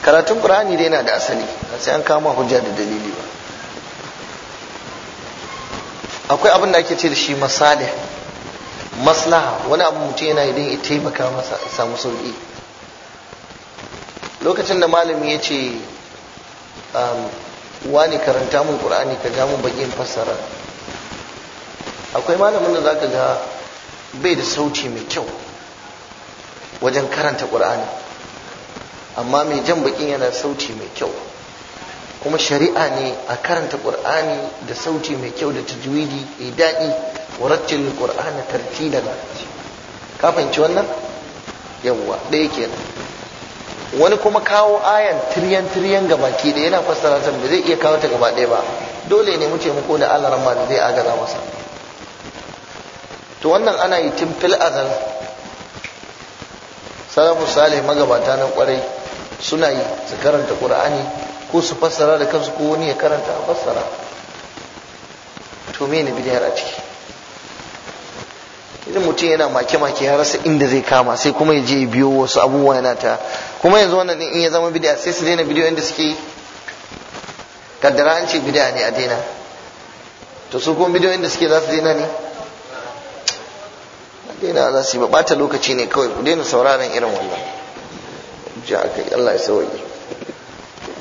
karatun qur'ani dai yana da asali sai an kama hujja da dalili ba akwai abin da ake ce da shi masalih maslaha wani abu mutum yana idan ya taimaka masa samu sauki lokacin da malami ya ce wani karanta mun qur'ani ka ja mun bakin fassara akwai malamin da za ka ga bai da sauti mai kyau wajen karanta ƙur'ani amma mai jan bakin yana sauti mai kyau kuma shari'a ne a karanta ƙur'ani da sauti mai kyau da tajwidi mai daɗi wa rattil ƙur'ani tartila ka fahimci wannan yawwa ɗaya kenan wani kuma kawo ayan tiryan tiryan baki da yana fassara ta ba zai iya kawo ta gaba ɗaya ba dole ne mu ce muku da Allah ma da zai agaza masa to wannan ana yi tun fil azal salafu salih magabata na kwarai suna yi su karanta qur'ani ko su fassara da kansu ko wani ya karanta a fassara to me ne bidiyar a ciki idan mutum yana make-make ya rasa inda zai kama sai kuma ya je ya biyo wasu abubuwa yana ta kuma yanzu wannan in ya zama bidiya sai su daina bidiyo inda suke yi kaddara an ce bidiya ne a daina to su kuma bidiyo inda suke za su daina ne daina za su yi ba ɓata lokaci ne kawai ku daina sauraron irin wannan ja kai Allah ya sauke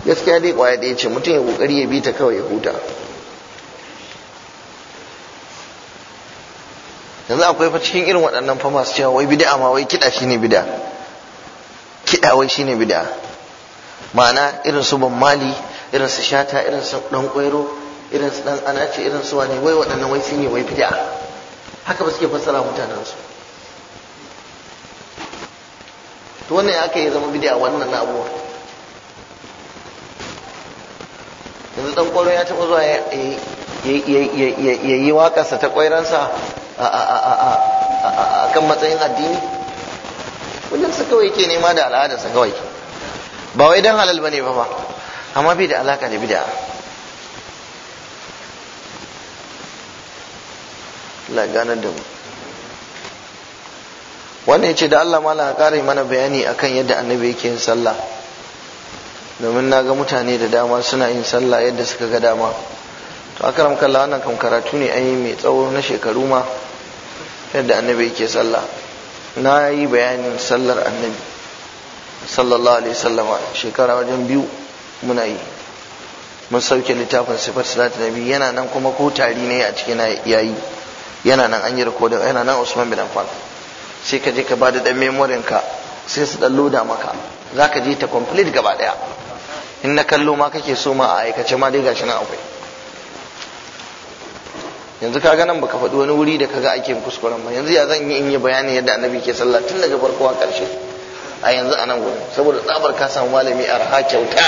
gaskiya dai kwaya da ce mutum ya kokari ya bi ta kawai ya huta yanzu akwai fa cikin irin waɗannan fa masu cewa wai bid'a ma wai kiɗa shine bid'a kiɗa wai shine bid'a ma'ana irin su ban mali irin su shata irin su dan kwairo irin su dan anace irin su wani wai waɗannan wai shine wai bid'a haka ba suke fassara mutanen su to wannan ya aka yi zama bid'a wannan abuwa yanzu dan kwaro ya taɓa zuwa ya yi waƙarsa ta kwairansa a kan matsayin addini Wajen su kawai ke nema da al'adarsa kawai ba wai dan halal bane ba ba amma bi da alaka da bid'a Allah ganar da mu wannan ce da Allah malam ka ƙara mana bayani akan yadda annabi yake yin sallah domin na ga mutane da dama suna yin sallah yadda suka ga dama to karam kallah wannan kam karatu ne an yi mai tsawo na shekaru ma yadda annabi yake sallah na yi bayanin sallar annabi sallallahu alaihi sallama shekara wajen biyu muna yi mun sauke littafin sifar salatu nabi yana nan kuma ko tari ne a cikin yayi yana nan an yi rikodin yana nan usman bin affan sai ka je ka ba dan memorin ka sai su ɗan loda maka za ka je ta complete gaba ɗaya in na kallo ma kake so ma a aikace ma dai gashi na akwai yanzu kaga nan baka faɗi wani wuri da ka ga ake kuskuren ba yanzu ya zan yi in yi bayani yadda annabi ke sallah tun daga farko a ƙarshe a yanzu a nan gurin saboda tsabar ka samu malami arha kyauta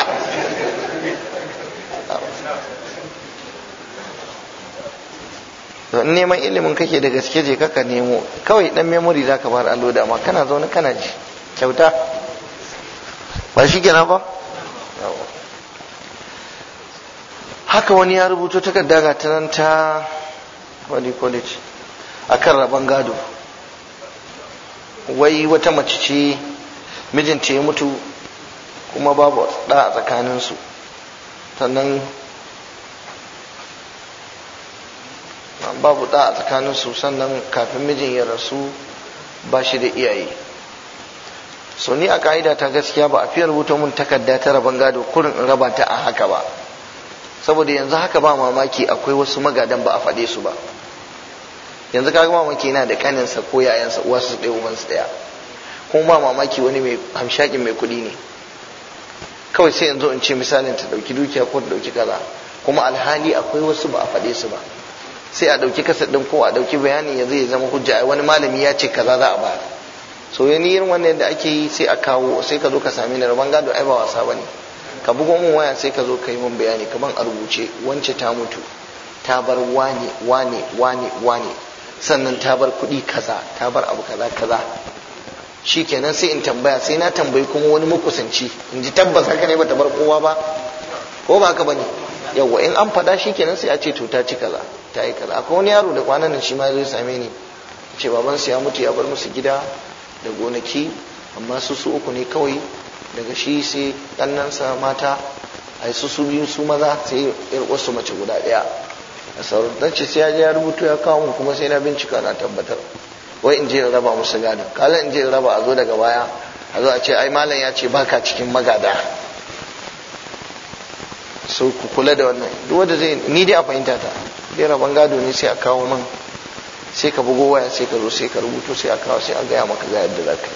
neman ilimin kake da gaske je kaka nemo kawai dan memory zaka bar allo da amma kana zaune kana ji kyauta ba shi kenan ba haka wani ya rubuto takarda ga ta nan ta wani college akan rabon gado wai wata mace ce mijinta ya mutu kuma babu ɗa a tsakaninsu sannan babu da a tsakanin su sannan kafin mijin ya rasu ba shi da iyaye so ni a ka'ida ta gaskiya ba a fiye rubuta mun takarda ta rabon gado kurin in raba ta a haka ba saboda yanzu haka ba mamaki akwai wasu magadan ba a faɗe su ba yanzu kaga mamaki yana da kaninsa ko yayansa uwa su ɗaya uban ɗaya kuma ba mamaki wani mai hamshakin mai kuɗi ne kawai sai yanzu in ce misalin ta ɗauki dukiya ko ta ɗauki kaza kuma alhali akwai wasu ba a faɗe su ba sai a ɗauki kasar ɗin ko a ɗauki bayani yanzu ya zama hujja wani malami ya ce kaza za a ba so yani irin wannan da ake yi sai a kawo sai ka zo ka sami ni rabon gado ai ba wasa bane ka bugo mun waya sai ka zo ka yi min bayani kaman a rubuce wance ta mutu ta bar wane wane wane wane sannan ta bar kuɗi kaza ta bar abu kaza kaza shikenan sai in tambaya sai na tambayi kuma wani makusanci in ji tabbas haka ne bata bar kowa ba ko ba haka bane yawa in an faɗa shikenan sai a ce to ta ci kaza ta yi kaza akwai wani yaro da kwanan nan shi ma zai same ni ce baban su ya mutu ya bar musu gida da gonaki amma su su uku ne kawai daga shi sai kannansa mata a su su biyu su maza sai yar wasu mace guda ɗaya a sauran sai ya je ya rubutu ya kawo mu kuma sai na bincika na tabbatar wai in je in raba musu gadon kala in je in raba a zo daga baya a zo a ce ai malam ya ce baka cikin magada so ku kula da wannan duk zai ni dai a fahimta ta kudin rabon gado ne sai a kawo man sai ka bugo waya sai ka zo sai ka rubuto sai a kawo sai a gaya maka ga yadda za ka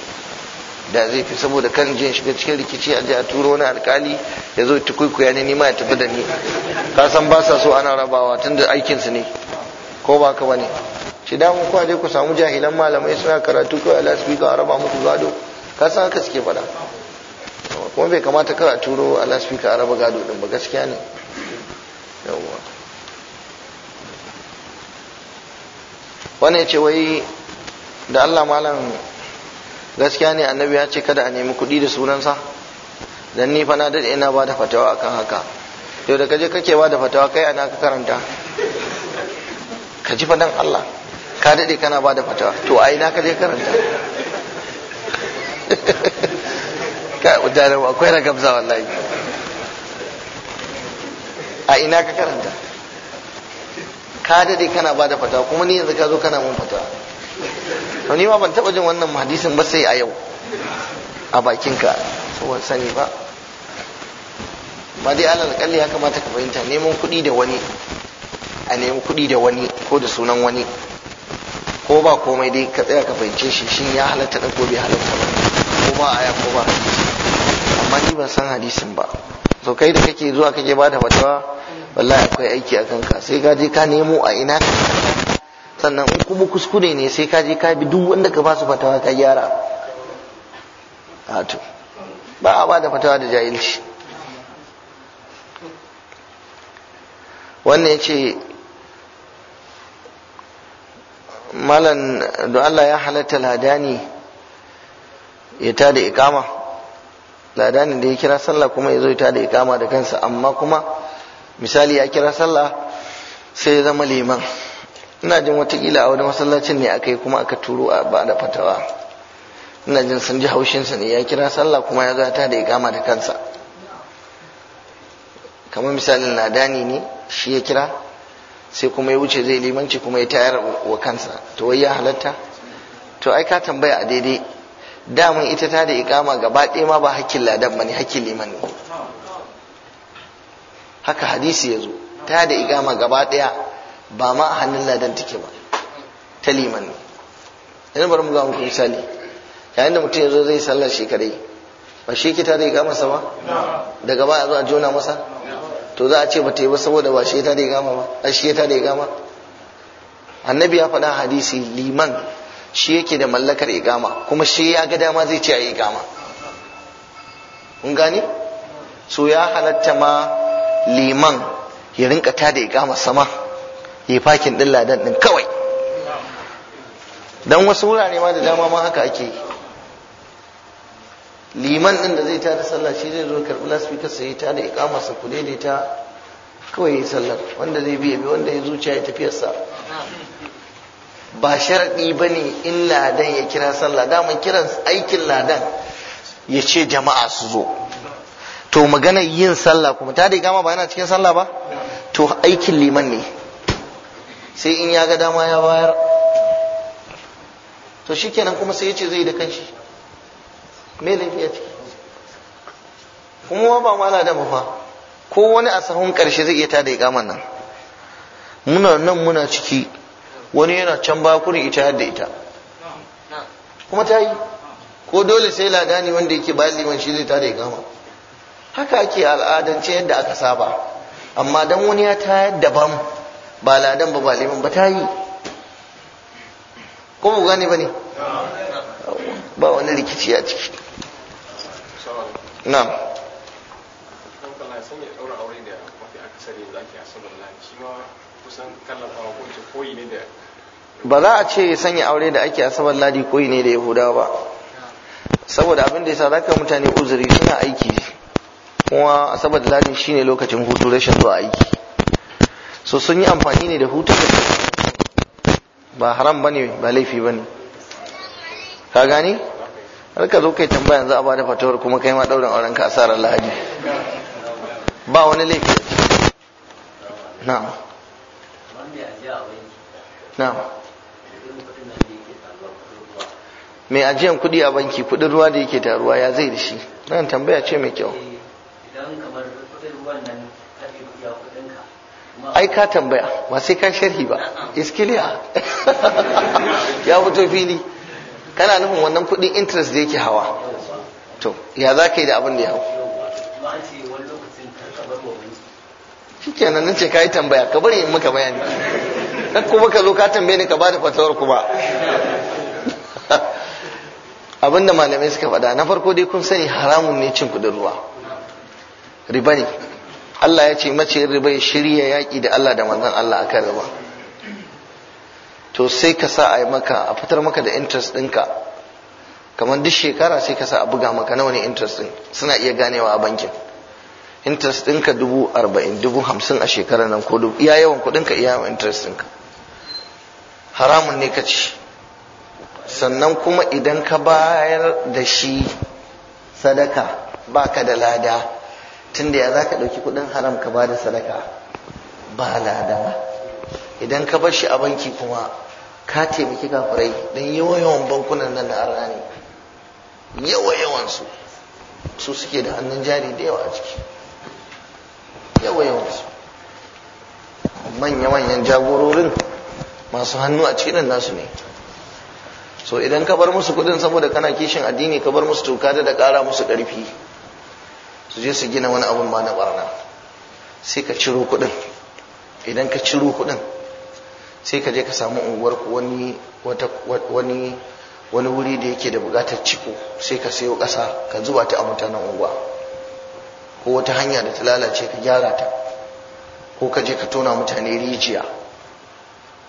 da zai fi saboda kan jin shiga cikin rikici a a turo wani alkali ya zo ta tukuikuya ne nima ya tafi da ni ka san ba sa so ana rabawa tunda aikinsu ne ko ba ka bane shi da mun kwaje ku samu jahilan malamai suna karatu kawai ala speaker a raba muku gado ka san haka suke faɗa kuma bai kamata kawai a turo a speaker a raba gado din ba gaskiya ne yawwa wannan ya ce wai da Allah malam gaskiya ne annabi ya ce kada a nemi kuɗi da sunansa dan ni fa na dade ina ba da fatawa akan haka yau da kaje kake ba da fatawa kai ana ka karanta ka ji fa dan Allah ka dade kana ba da fatawa to ina ka kaje karanta ka udare akwai ragabza wallahi a ina ka karanta ka dade kana ba da fata kuma ni yanzu ka zo kana mun fata to ni ma ban taba jin wannan hadisin ba sai a yau a bakinka saboda sani ba Ba dai alal kalli ya kamata ka fahimta neman kuɗi da wani a neman kuɗi da wani ko da sunan wani ko ba komai dai ka tsaya ka fahimce shi shin ya halatta ɗan ko bai halatta ba ko ba aya ko ba hadisi amma ni ban san hadisin ba to kai da kake zuwa kake ba da fatawa wallahi akwai aiki a kanka sai ka je ka nemo a ina sannan in kuma kuskure ne sai ka je ka bi duk wanda ka basu fatawa ka gyara wato ba a ba da fatawa da jahilci wannan ya ce malan da Allah ya halatta ladani ya da ikama ladani da ya kira sallah kuma ya zo ya da ikama da kansa amma kuma misali ya kira sallah sai ya zama liman ina jin watakila a wani masallacin ne aka yi kuma aka turo a ba da fatawa ina jin sun ji haushinsa ne ya kira sallah kuma ya zata da ikama da kansa kamar misalin ladani ne shi ya kira sai kuma ya wuce zai limanci kuma ya tayar wa kansa to wai ya halatta to ai ka tambaya a daidai damun ita ta da ikama gaba ɗaya ma ba hakkin ladan ba ne hakkin liman ne haka hadisi ya zo ta da igama gaba daya ba ma hannun ladan take ba ta liman ne bari mu ga muku misali yayin da mutum ya zo zai sallar shekarai ba shi ta da sa ba daga baya zo a jona masa to za a ce ba ta yi ba saboda ba shi ta da igama ba a shi ta da igama annabi ya faɗa hadisi liman shi yake da mallakar igama kuma shi ya ga dama zai ce a igama mun gane so ya halatta ma liman ya rinka da iqama sama ya fakin din ladan din kawai dan wasu wurare ma da dama ma haka ake liman din da zai tada sallah shi zai zo karbi lasfikar sai ta da iqama sa ku ta kawai yi sallar wanda zai biya bi wanda ya zuciya ya tafiyarsa ba sharaɗi ba ne in ladan ya kira sallah daman kiran aikin ladan ya ce jama'a su zo to magana yin sallah kuma ta da gama ba yana cikin sallah ba to aikin liman ne sai in ya ga dama ya bayar to shikenan kuma sai ya ce zai da kanshi me laifi ya ciki kuma ba ma da fa ko wani a sahun karshe zai iya tada ikaman nan muna nan muna ciki wani yana can ba kuri ita da ita kuma ta yi ko dole sai ladani wanda yake bayan liman shi zai tada gama haka ake al'adance yadda aka saba amma dan wani ya tayar daban ba ladan ba baliman ba ta yi ko mu gane ba ne ba wani rikici a ciki na'am ba za a ce ya sanya aure da ake asabar ladi koyi ne da yahudawa ba saboda abin da ya sa zaka mutane uzuri suna aiki kuma asabar da shi ne lokacin hutu rashin zuwa aiki so sun yi amfani ne da hutun ba haram bane ba laifi bane ka gani har ka zo kai tambaya yanzu a bada fatawar kuma kai ma daurin auren ka asarar lahadi ba wani laifi Na. Na. mai ajiyan kuɗi a banki kuɗin ruwa da yake taruwa ya zai da shi nan tambaya ce mai kyau nan ai ka tambaya ba sai ka sharhi ba iskiliya ya fito fili kana nufin wannan kudin interest da yake hawa to ya za ka yi da abin da ya hau ke nan ce ka yi tambaya ka bari yin muka bayani na kuma ka zo ka tambaye ni ka ba da fatawar kuma da malamai suka faɗa na farko dai kun sani haramun ne cin kudin ruwa riba ne Allah ya ce mace riba ya shirya yaƙi da Allah da manzan Allah akan riba to sai ka sa a yi maka a fitar maka da interest ɗinka kamar duk shekara sai ka sa a buga maka nawa ne interest ɗin suna iya ganewa a bankin interest ɗinka dubu arba'in dubu hamsin a shekarar nan ko dubu iya yawan kuɗinka iya yawan interest ɗinka haramun ne ka ci sannan kuma idan ka bayar da shi sadaka baka da lada tunda ya zaka ɗauki kuɗin haram ka bada sadaka ba lada idan ka bar shi a banki kuma ka taimaki kafirai don yawan yawan bankunan nan na arani yawa yawan su su suke da hannun jari da yawa a ciki yawa yawan su manya manyan jagororin masu hannu a cikin nan nasu ne so idan ka bar musu kudin saboda kana kishin addini ka bar musu tuka da ƙara musu ƙarfi su je su gina wani abun ba na barna sai ka ciro kuɗin idan ka ciro kuɗin sai ka je ka samu unguwar wani wani wuri da yake da buƙatar ciko sai ka sayo ƙasa ka zuba ta a mutanen unguwa ko wata hanya da ta lalace ka gyara ta ko ka je ka tona mutane rijiya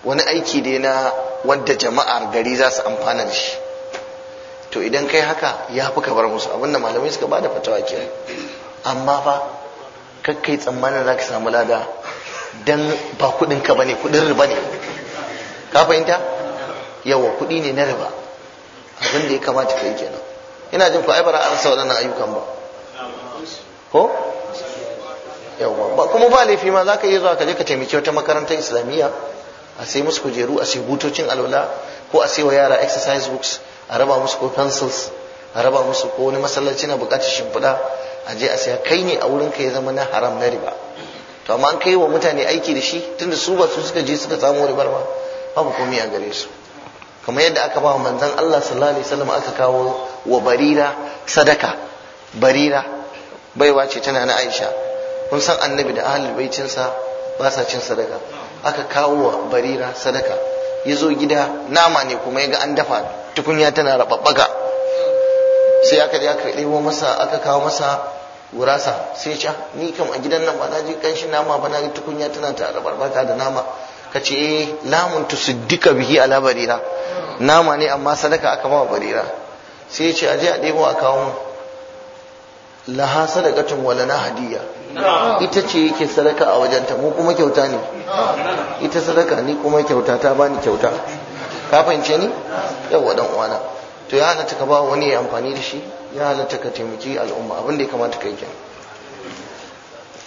wani aiki dai na wadda jama'ar gari za su amfana da shi to idan kai haka ya fi ka bar musu abinda malamai suka ba da fatawa kenan amma fa kakkai tsammanin za ka samu lada don ba kudinka ba ne kudin riba ne ka fahimta yawa kudi ne na riba abin da ya kamata ka yi kenan ina jin ku aibara bara a rasa waɗannan ayyukan ba ko yawa ba kuma ba laifi ma za ka iya zuwa ka je ka taimaki wata makarantar islamiyya a sai musu kujeru a sai butocin alwala ko a sai wa yara exercise books a raba musu ko pencils a raba musu ko wani masallaci na bukatar shimfiɗa a je a saya kai ne a wurin ka ya zama na haram na riba to amma an kai wa mutane aiki da shi tunda su ba su suka je suka samu ribar ba babu komai a gare su kamar yadda aka ba manzon Allah sallallahu alaihi wasallam aka kawo wa barira sadaka barira baiwa ce tana na Aisha kun san annabi da ahlul sa ba sa cin sadaka aka kawo wa barira sadaka ya zo gida nama ne kuma ya ga an dafa tukunya tana rababbaga sai aka je aka ɗebo masa aka kawo masa gurasa sai ce ah, ni kam a gidan nan ba na ji kanshi nama ba na ji tukunya tana ta da baka da nama ka ce eh lamun siddika bihi ala barira nama ne amma sadaka aka ba barira sai ya ce a je a debo a kawo mu laha sadaqatun wala na hadiya ita ce yake sadaka a wajenta mu kuma kyauta ne ita sadaka ni kuma kyauta ta bani kyauta ka fahimce ni yawa dan uwana to ya hana ta ka ba wani amfani da shi ya halatta ka taimaki al'umma abin da ya kamata ka kai kenan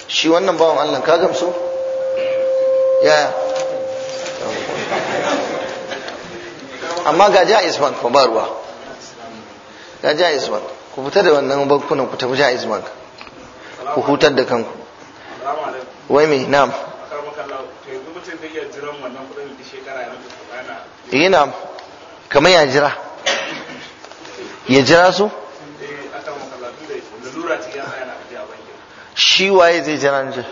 shi wannan bawan Allah ka gamsu yaya amma ga jaiz bank fa ba ruwa ga jaiz bank ku fita da wannan bankunan ku tafi jaiz bank ku hutar da kanku wai me nam? yi eh, na'am kamar ya jira ya jira su shi waye zai jira ni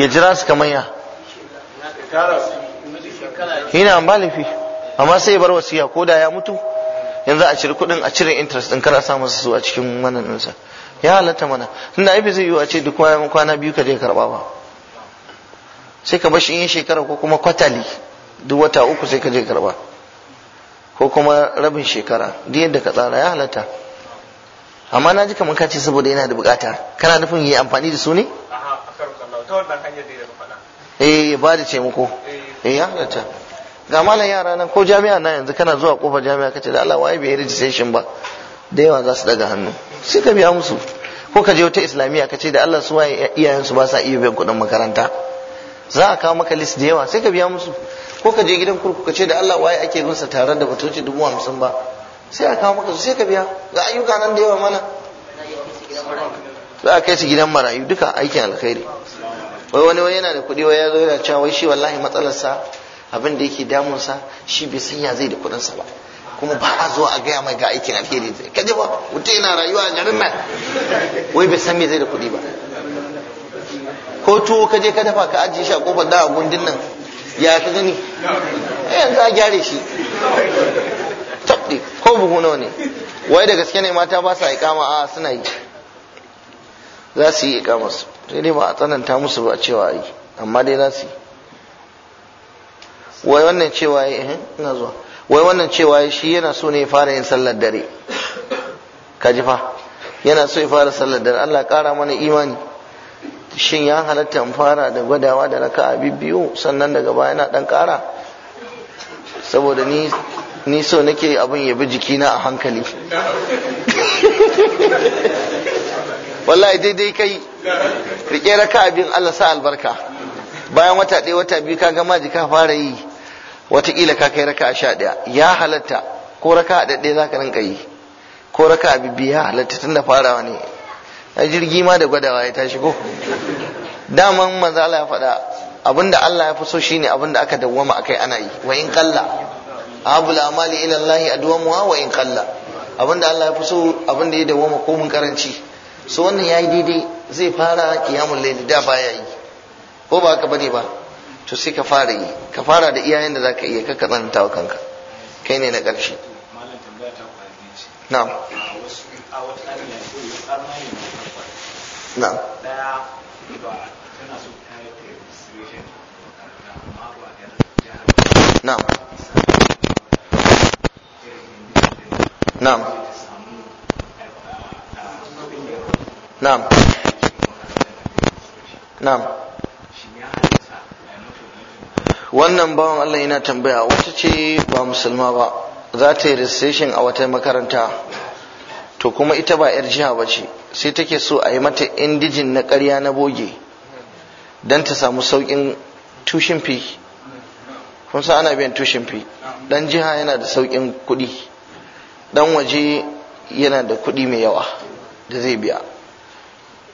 ya jira su kamar ya yana ba laifi amma sai bar wasiya ko da ya mutu yanzu a cire kuɗin a cire interest din kana sa masa su a cikin wannan ɗinsa ya halatta mana tunda aibi zai yi a ce duk kwana biyu ka je karɓa ba sai ka bashi in shekara ko kuma kwatali duk wata uku sai ka je karɓa ko kuma rabin shekara duk yadda ka tsara ya halatta amma na ji kamar kace saboda yana da bukata kana nufin yi amfani da su ne eh ba da ce muku eh ya eh. Eh, ga malam yara nan ko jami'a na yanzu kana zuwa kofar jami'a kace da Allah waye bai registration ba da yawa za su daga hannu sai ka biya musu ko ka je wata islamiyya kace da Allah su waye iyayen su ba sa iya biyan kuɗin makaranta za a kawo maka list da yawa sai ka biya musu ko ka je gidan kurkuku kace da Allah waye ake bin tare da batoci dubu hamsin ba sai a kawo maka su sai ka biya ga ayyuka nan da yawa mana za a kai su gidan marayu duka aikin alkhairi wai wani wani yana da kuɗi wai ya zo yana cewa wai shi wallahi matsalarsa abin da yake damunsa shi bai san ya zai da kuɗinsa ba kuma ba a zo a gaya mai ga aikin alheri zai kaje ba mutum yana rayuwa a garin nan wai bai san me zai da kuɗi ba ko tuwo je ka dafa ka ajiye shi a kofar da a gundin nan ya ka gani eh, yanzu a gyare shi ko buhu nawa ne wai da gaske ne mata ba sa ikama a suna yi za su yi ikama su sai dai ba a tsananta musu ba cewa yi amma dai za su yi wai wannan cewa yi eh ina zuwa wai wannan cewa shi yana so ne ya fara yin sallar dare ka ji fa yana so ya fara sallar dare Allah kara mana imani shin ya halatta in fara da gwadawa da raka'a bibbiyu sannan daga baya yana dan kara saboda ni ni so nake abin ya bi jikina a hankali wallahi daidai kai rike raka abin Allah sa albarka bayan wata ɗaya wata biyu ka gama jika fara yi watakila ka kai raka sha ɗaya ya halatta ko raka ɗaɗɗe za ka rinka yi ko raka biyu ya halatta tun da farawa ne na jirgi ma da gwadawa ya tashi ko daman manzo Allah ya faɗa abinda Allah ya fi so shine abinda aka dawwama akai ana yi wa in kalla abul amali ila Allah adwamuha wa in qalla abinda Allah ya fi so abinda ya dawoma komun karanci so wannan yayi daidai zai fara kiyamul layli da baya yi ko ba ka bane ba to sai ka fara yi ka fara da iyayen da zaka iya ka kazanta wa kanka kai ne na karshe na'am na'am na'am نعم نعم نعم wannan bawan Allah yana tambaya wata ce ba musulma ba za ta yi registration a wata makaranta to kuma ita ba 'yar jiha ba ce sai take so a yi mata indijin na karya na boge don ta samu sauƙin tushin fi kun sa ana biyan tushin fi dan jiha yana da saukin kuɗi dan waje yana da kuɗi mai yawa da zai biya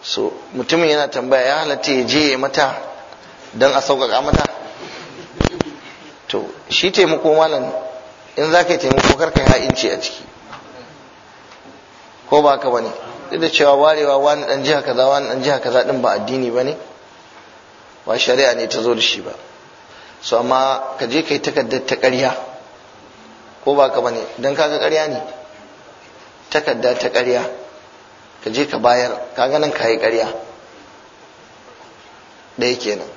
so mutumin yana tambaya ya halatta ya je ya mata don a sauƙaƙa mata to shi taimako malam in za ka yi taimako kar ka ha'inci a ciki ko ba ka bane duk da cewa warewa wani dan jiha kaza wani dan jiha kaza din ba addini bane ba shari'a ne ta zo da shi ba so amma ka je kai takardar ta ƙarya ko ba ka bane don kaga karya ne takarda ta karya ka je ka bayar kaga nan ka yi karya ɗaya kenan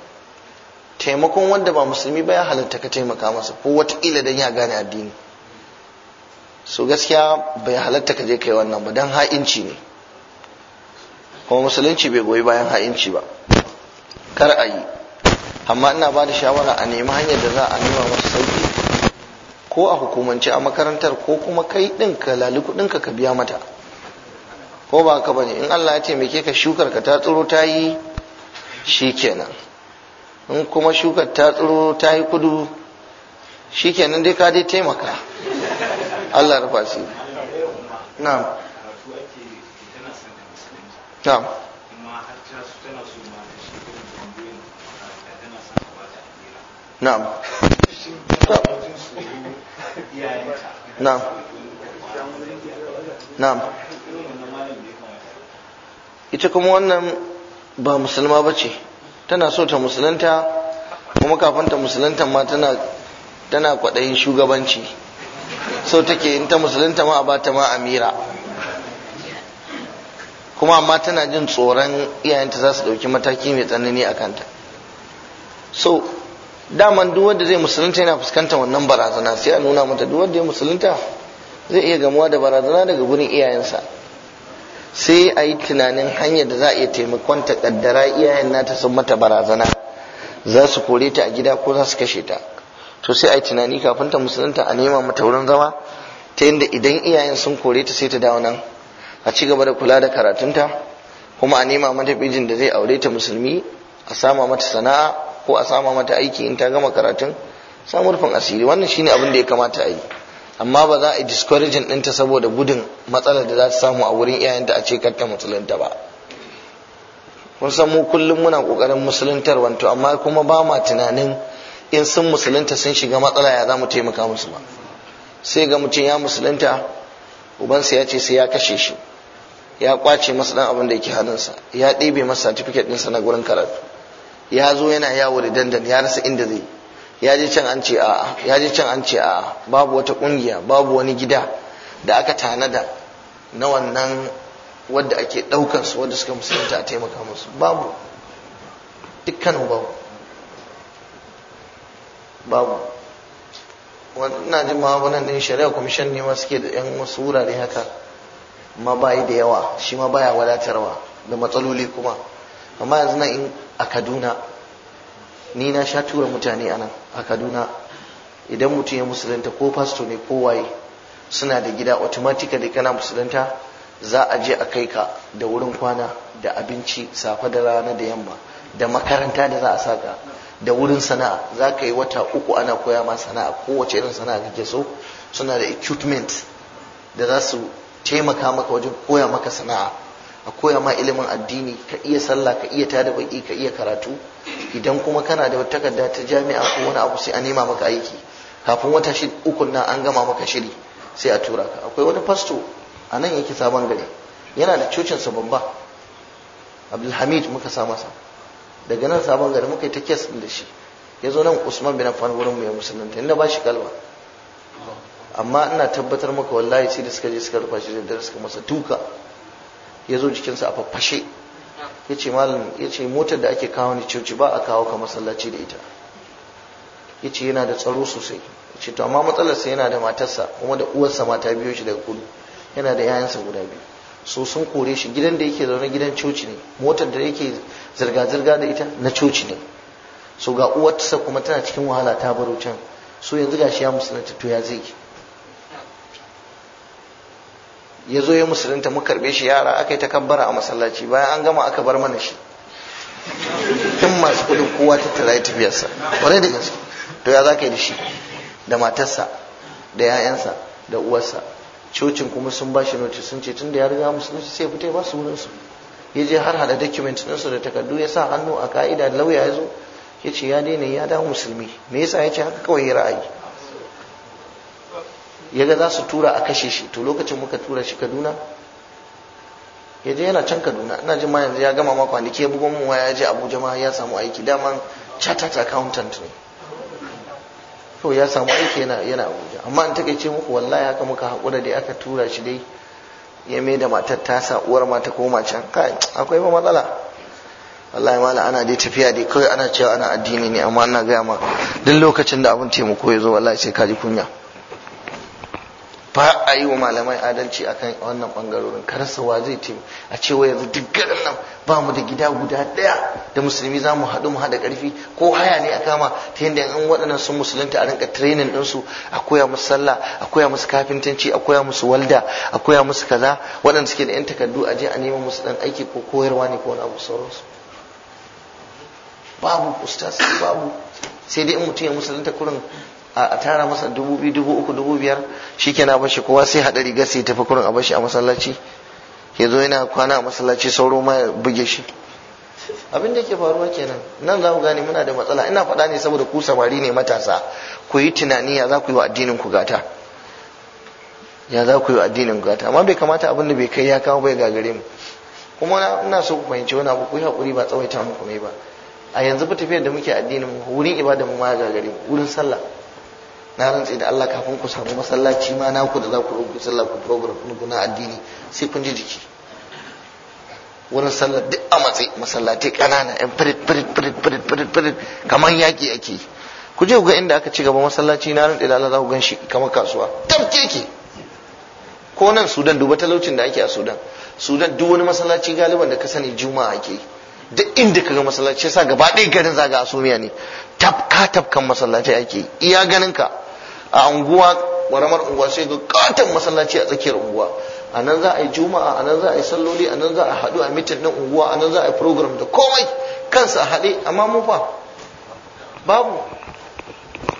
taimakon wanda ba musulmi ba ya halatta ka taimaka masa ko wataƙila don ya gane addini su gaskiya bai halatta ka je kai wannan ba don ha'inci ne kuma musulunci bai goyi bayan ha'inci ba kar a yi amma ina ba da shawara a nemi hanyar da za a nema masu sauki ko a hukumance a makarantar ko kuma kai ɗin ka lali kuɗinka ka biya mata ko ba ka bane in Allah ya taimake ka shukar ka ta tsiro ta yi shikenan in kuma shukar ta tsiro ta yi kudu shikenan dai ka dai taimaka Allah rufa su na'am na'am na'am na'am na'am ita kuma wannan ba musulma ba ce tana so ta musulunta kuma kafin ta musulunta ma tana tana kwaɗayin shugabanci so take in ta musulunta ma a ta ma amira kuma amma tana jin tsoron iyayenta za su ɗauki mataki mai tsanani a kanta so daman duk wanda zai musulunta yana fuskantar wannan barazana sai a nuna mata duk wanda ya musulunta zai iya gamuwa da barazana daga gurin iyayensa sai a yi tunanin hanyar da za a iya taimakon ta kaddara iyayen nata sun mata barazana za su kore ta a gida ko za su kashe ta to sai a yi tunani kafin ta musulunta a nema mata wurin zama ta yadda idan iyayen sun kore ta sai ta dawo nan a ci gaba da kula da karatunta kuma a nema mata bijin da zai aure ta musulmi a sama mata sana'a ko a sama mata aiki in ta gama karatun samun rufin asiri wannan shine abin da ya kamata a yi amma ba za a yi discouraging ɗinta saboda gudun matsalar da za ta samu a wurin iyayenta a ce karta musulunta ba kun san mu kullum muna ƙoƙarin musuluntar wanto amma kuma ba ma tunanin in sun musulunta sun shiga matsala ya za mu taimaka musu ba sai ga mutum ya musulunta ubansa ya ce sai ya kashe shi ya kwace masa dan abin da yake hannunsa ya ɗebe masa certificate ɗinsa na gurin karatu ya zo yana yawo da dandan ya rasa inda zai ya je can an ce a ya je can an ce a babu wata kungiya babu wani gida da aka tanada na wannan wadda ake daukar su wadda suka musulunta a taimaka musu babu dukkanin babu babu wannan jin ma wannan din shari'a commission ne ma suke da yan wasu wurare haka ma bayi da yawa shi ma baya wadatarwa da matsaloli kuma amma yanzu na in a kaduna ni na sha tura mutane anan a kaduna idan mutum ya musulunta ko pasto ne ko waye suna da gida da kana musulunta za a je a kai ka da wurin kwana da abinci safe da rana da yamma da makaranta da za a saka da wurin sana'a za ka yi wata uku ana koya ma sana'a kowace irin sana'a kake so suna da equipment da za su taimaka maka wajen koya maka sana'a a koya ma ilimin addini ka iya sallah ka iya tada baki ka iya karatu idan kuma kana da takarda ta jami'a ko wani abu sai a nema maka aiki kafin wata uku nan an gama maka shiri sai a tura ka akwai wani fasto a nan yake sabon gari yana da cocin sa babba abdulhamid muka sa masa daga nan sabon gari muka yi ta kes da shi ya nan usman bin affan wurin mu ya musulunta inda ba shi kalma amma ina tabbatar maka wallahi sai da suka je suka rufa shi da suka masa tuka ya zo jikinsa a faffashe ya ce malam ya ce motar da ake kawo ni coci ba a kawo ka masallaci da ita ya ce yana da tsaro sosai ya ce to amma matsalarsa yana da matarsa kuma da uwarsa mata biyo shi daga kudu yana da yayansa guda biyu so sun kore shi gidan da yake zaune gidan coci ne motar da yake zirga-zirga da ita na coci ne so ga uwarsa kuma tana cikin wahala ta baro can so yanzu shi ya musulunta to ya zai ya zo ya musulunta mu karbe shi yara aka yi ta kabbara a masallaci bayan an gama aka bar mana shi In masu kudin kowa ta tara tafiyarsa kwarai da gaske to ya za ka yi da shi da matarsa da 'ya'yansa da uwarsa cocin kuma sun ba shi notice sun ce tun da ya riga musulunci sai fita ya ba su wurinsu ya je har hada document ɗinsu da takardu ya sa hannu a ka'ida da lauya ya zo ya ce ya daina ya dawo musulmi me yasa ya ce haka kawai ra'ayi ya ga za su tura a kashe shi to lokacin muka tura shi kaduna ya yana can kaduna ina jin ma yanzu ya gama ma kwanaki ya bugo mun waya ya je abuja ma ya samu aiki dama chartered accountant ne to ya samu aiki yana yana abuja amma in takaice muku wallahi haka muka haƙura dai aka tura shi dai ya mai da matar sa uwar mata koma can kai akwai ba matsala wallahi ma ana dai tafiya dai kawai ana cewa ana addini ne amma ana gaya ma duk lokacin da abin taimako ya zo wallahi sai ka ji kunya ba a yi wa malamai adalci akan wannan bangarorin karasawa zai ce a cewa yanzu duk garin nan ba mu da gida guda daya da musulmi za mu haɗu mu haɗa ƙarfi ko haya ne a kama ta yadda in waɗannan sun musulunta a rinka training ɗinsu a koya musu sallah a koya musu kafintanci a koya musu walda a koya musu kaza waɗanda suke da 'yan takardu a je a nema musu ɗan aiki ko koyarwa ne ko wani abu sauransu babu ustaz babu sai dai in mutum ya musulunta kurin a tara masa dubu biyu dubu uku dubu biyar shi na bashi kowa sai haɗa rigar sai tafi kurin a bashi a masallaci ya zo yana kwana a masallaci sauro ma ya buge shi abin da ke faruwa kenan nan za ku gane muna da matsala ina faɗa ne saboda ku samari ne matasa ku yi tunani ya za ku yi wa addinin ku gata ya za ku yi wa addinin ku gata amma bai kamata abin da bai kai ya kawo bai gagare mu kuma ina so ku fahimci wani abu ku yi haƙuri ba tsawaita muku mai ba a yanzu ba tafiyar da muke addinin mu wurin ibada mu ma ya gagare mu wurin sallah na rantse da Allah kafin ku samu masallaci ma na ku da za ku rubuta sallah ku program ku na addini sai kun ji jiki wurin sallar duk a matsayi masallatai kanana yan firit firit firit firit firit firit kamar yaki ake ku je ku ga inda aka ci gaba masallaci na rantse da Allah za ku gan shi kamar kasuwa tabke ke ko nan Sudan duba talaucin da ake a Sudan Sudan duk wani masallaci galiban da ka sani juma'a ake duk inda ka ga masallaci sa gaba ɗaya garin zaga asumiya ne tafka tafkan masallaci ake iya ganin ka a unguwa waramar unguwa sai ga katon masallaci a tsakiyar unguwa a nan za a yi juma'a a nan za a yi salloli a nan za a haɗu a mitin ɗin unguwa a nan za a yi program da komai kansa a haɗe amma mu fa babu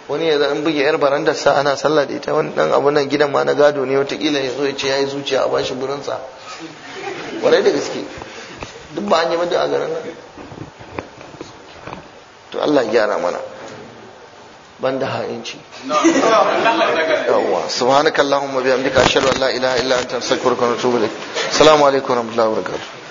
wani ya zan buge yar barandar sa ana sallah da ita wani ɗan abu nan gidan ma na gado ne watakila ya zo ya ce ya yi zuciya a bashi burinsa sa warai da gaske duk ba an yi madu a garin nan to Allah ya gyara mana banda ha'inci yawwa subhanakallahumma bihamdika ashhadu an la ilaha illa anta astaghfiruka wa atubu ilaik assalamu alaikum wa rahmatullahi wa barakatuh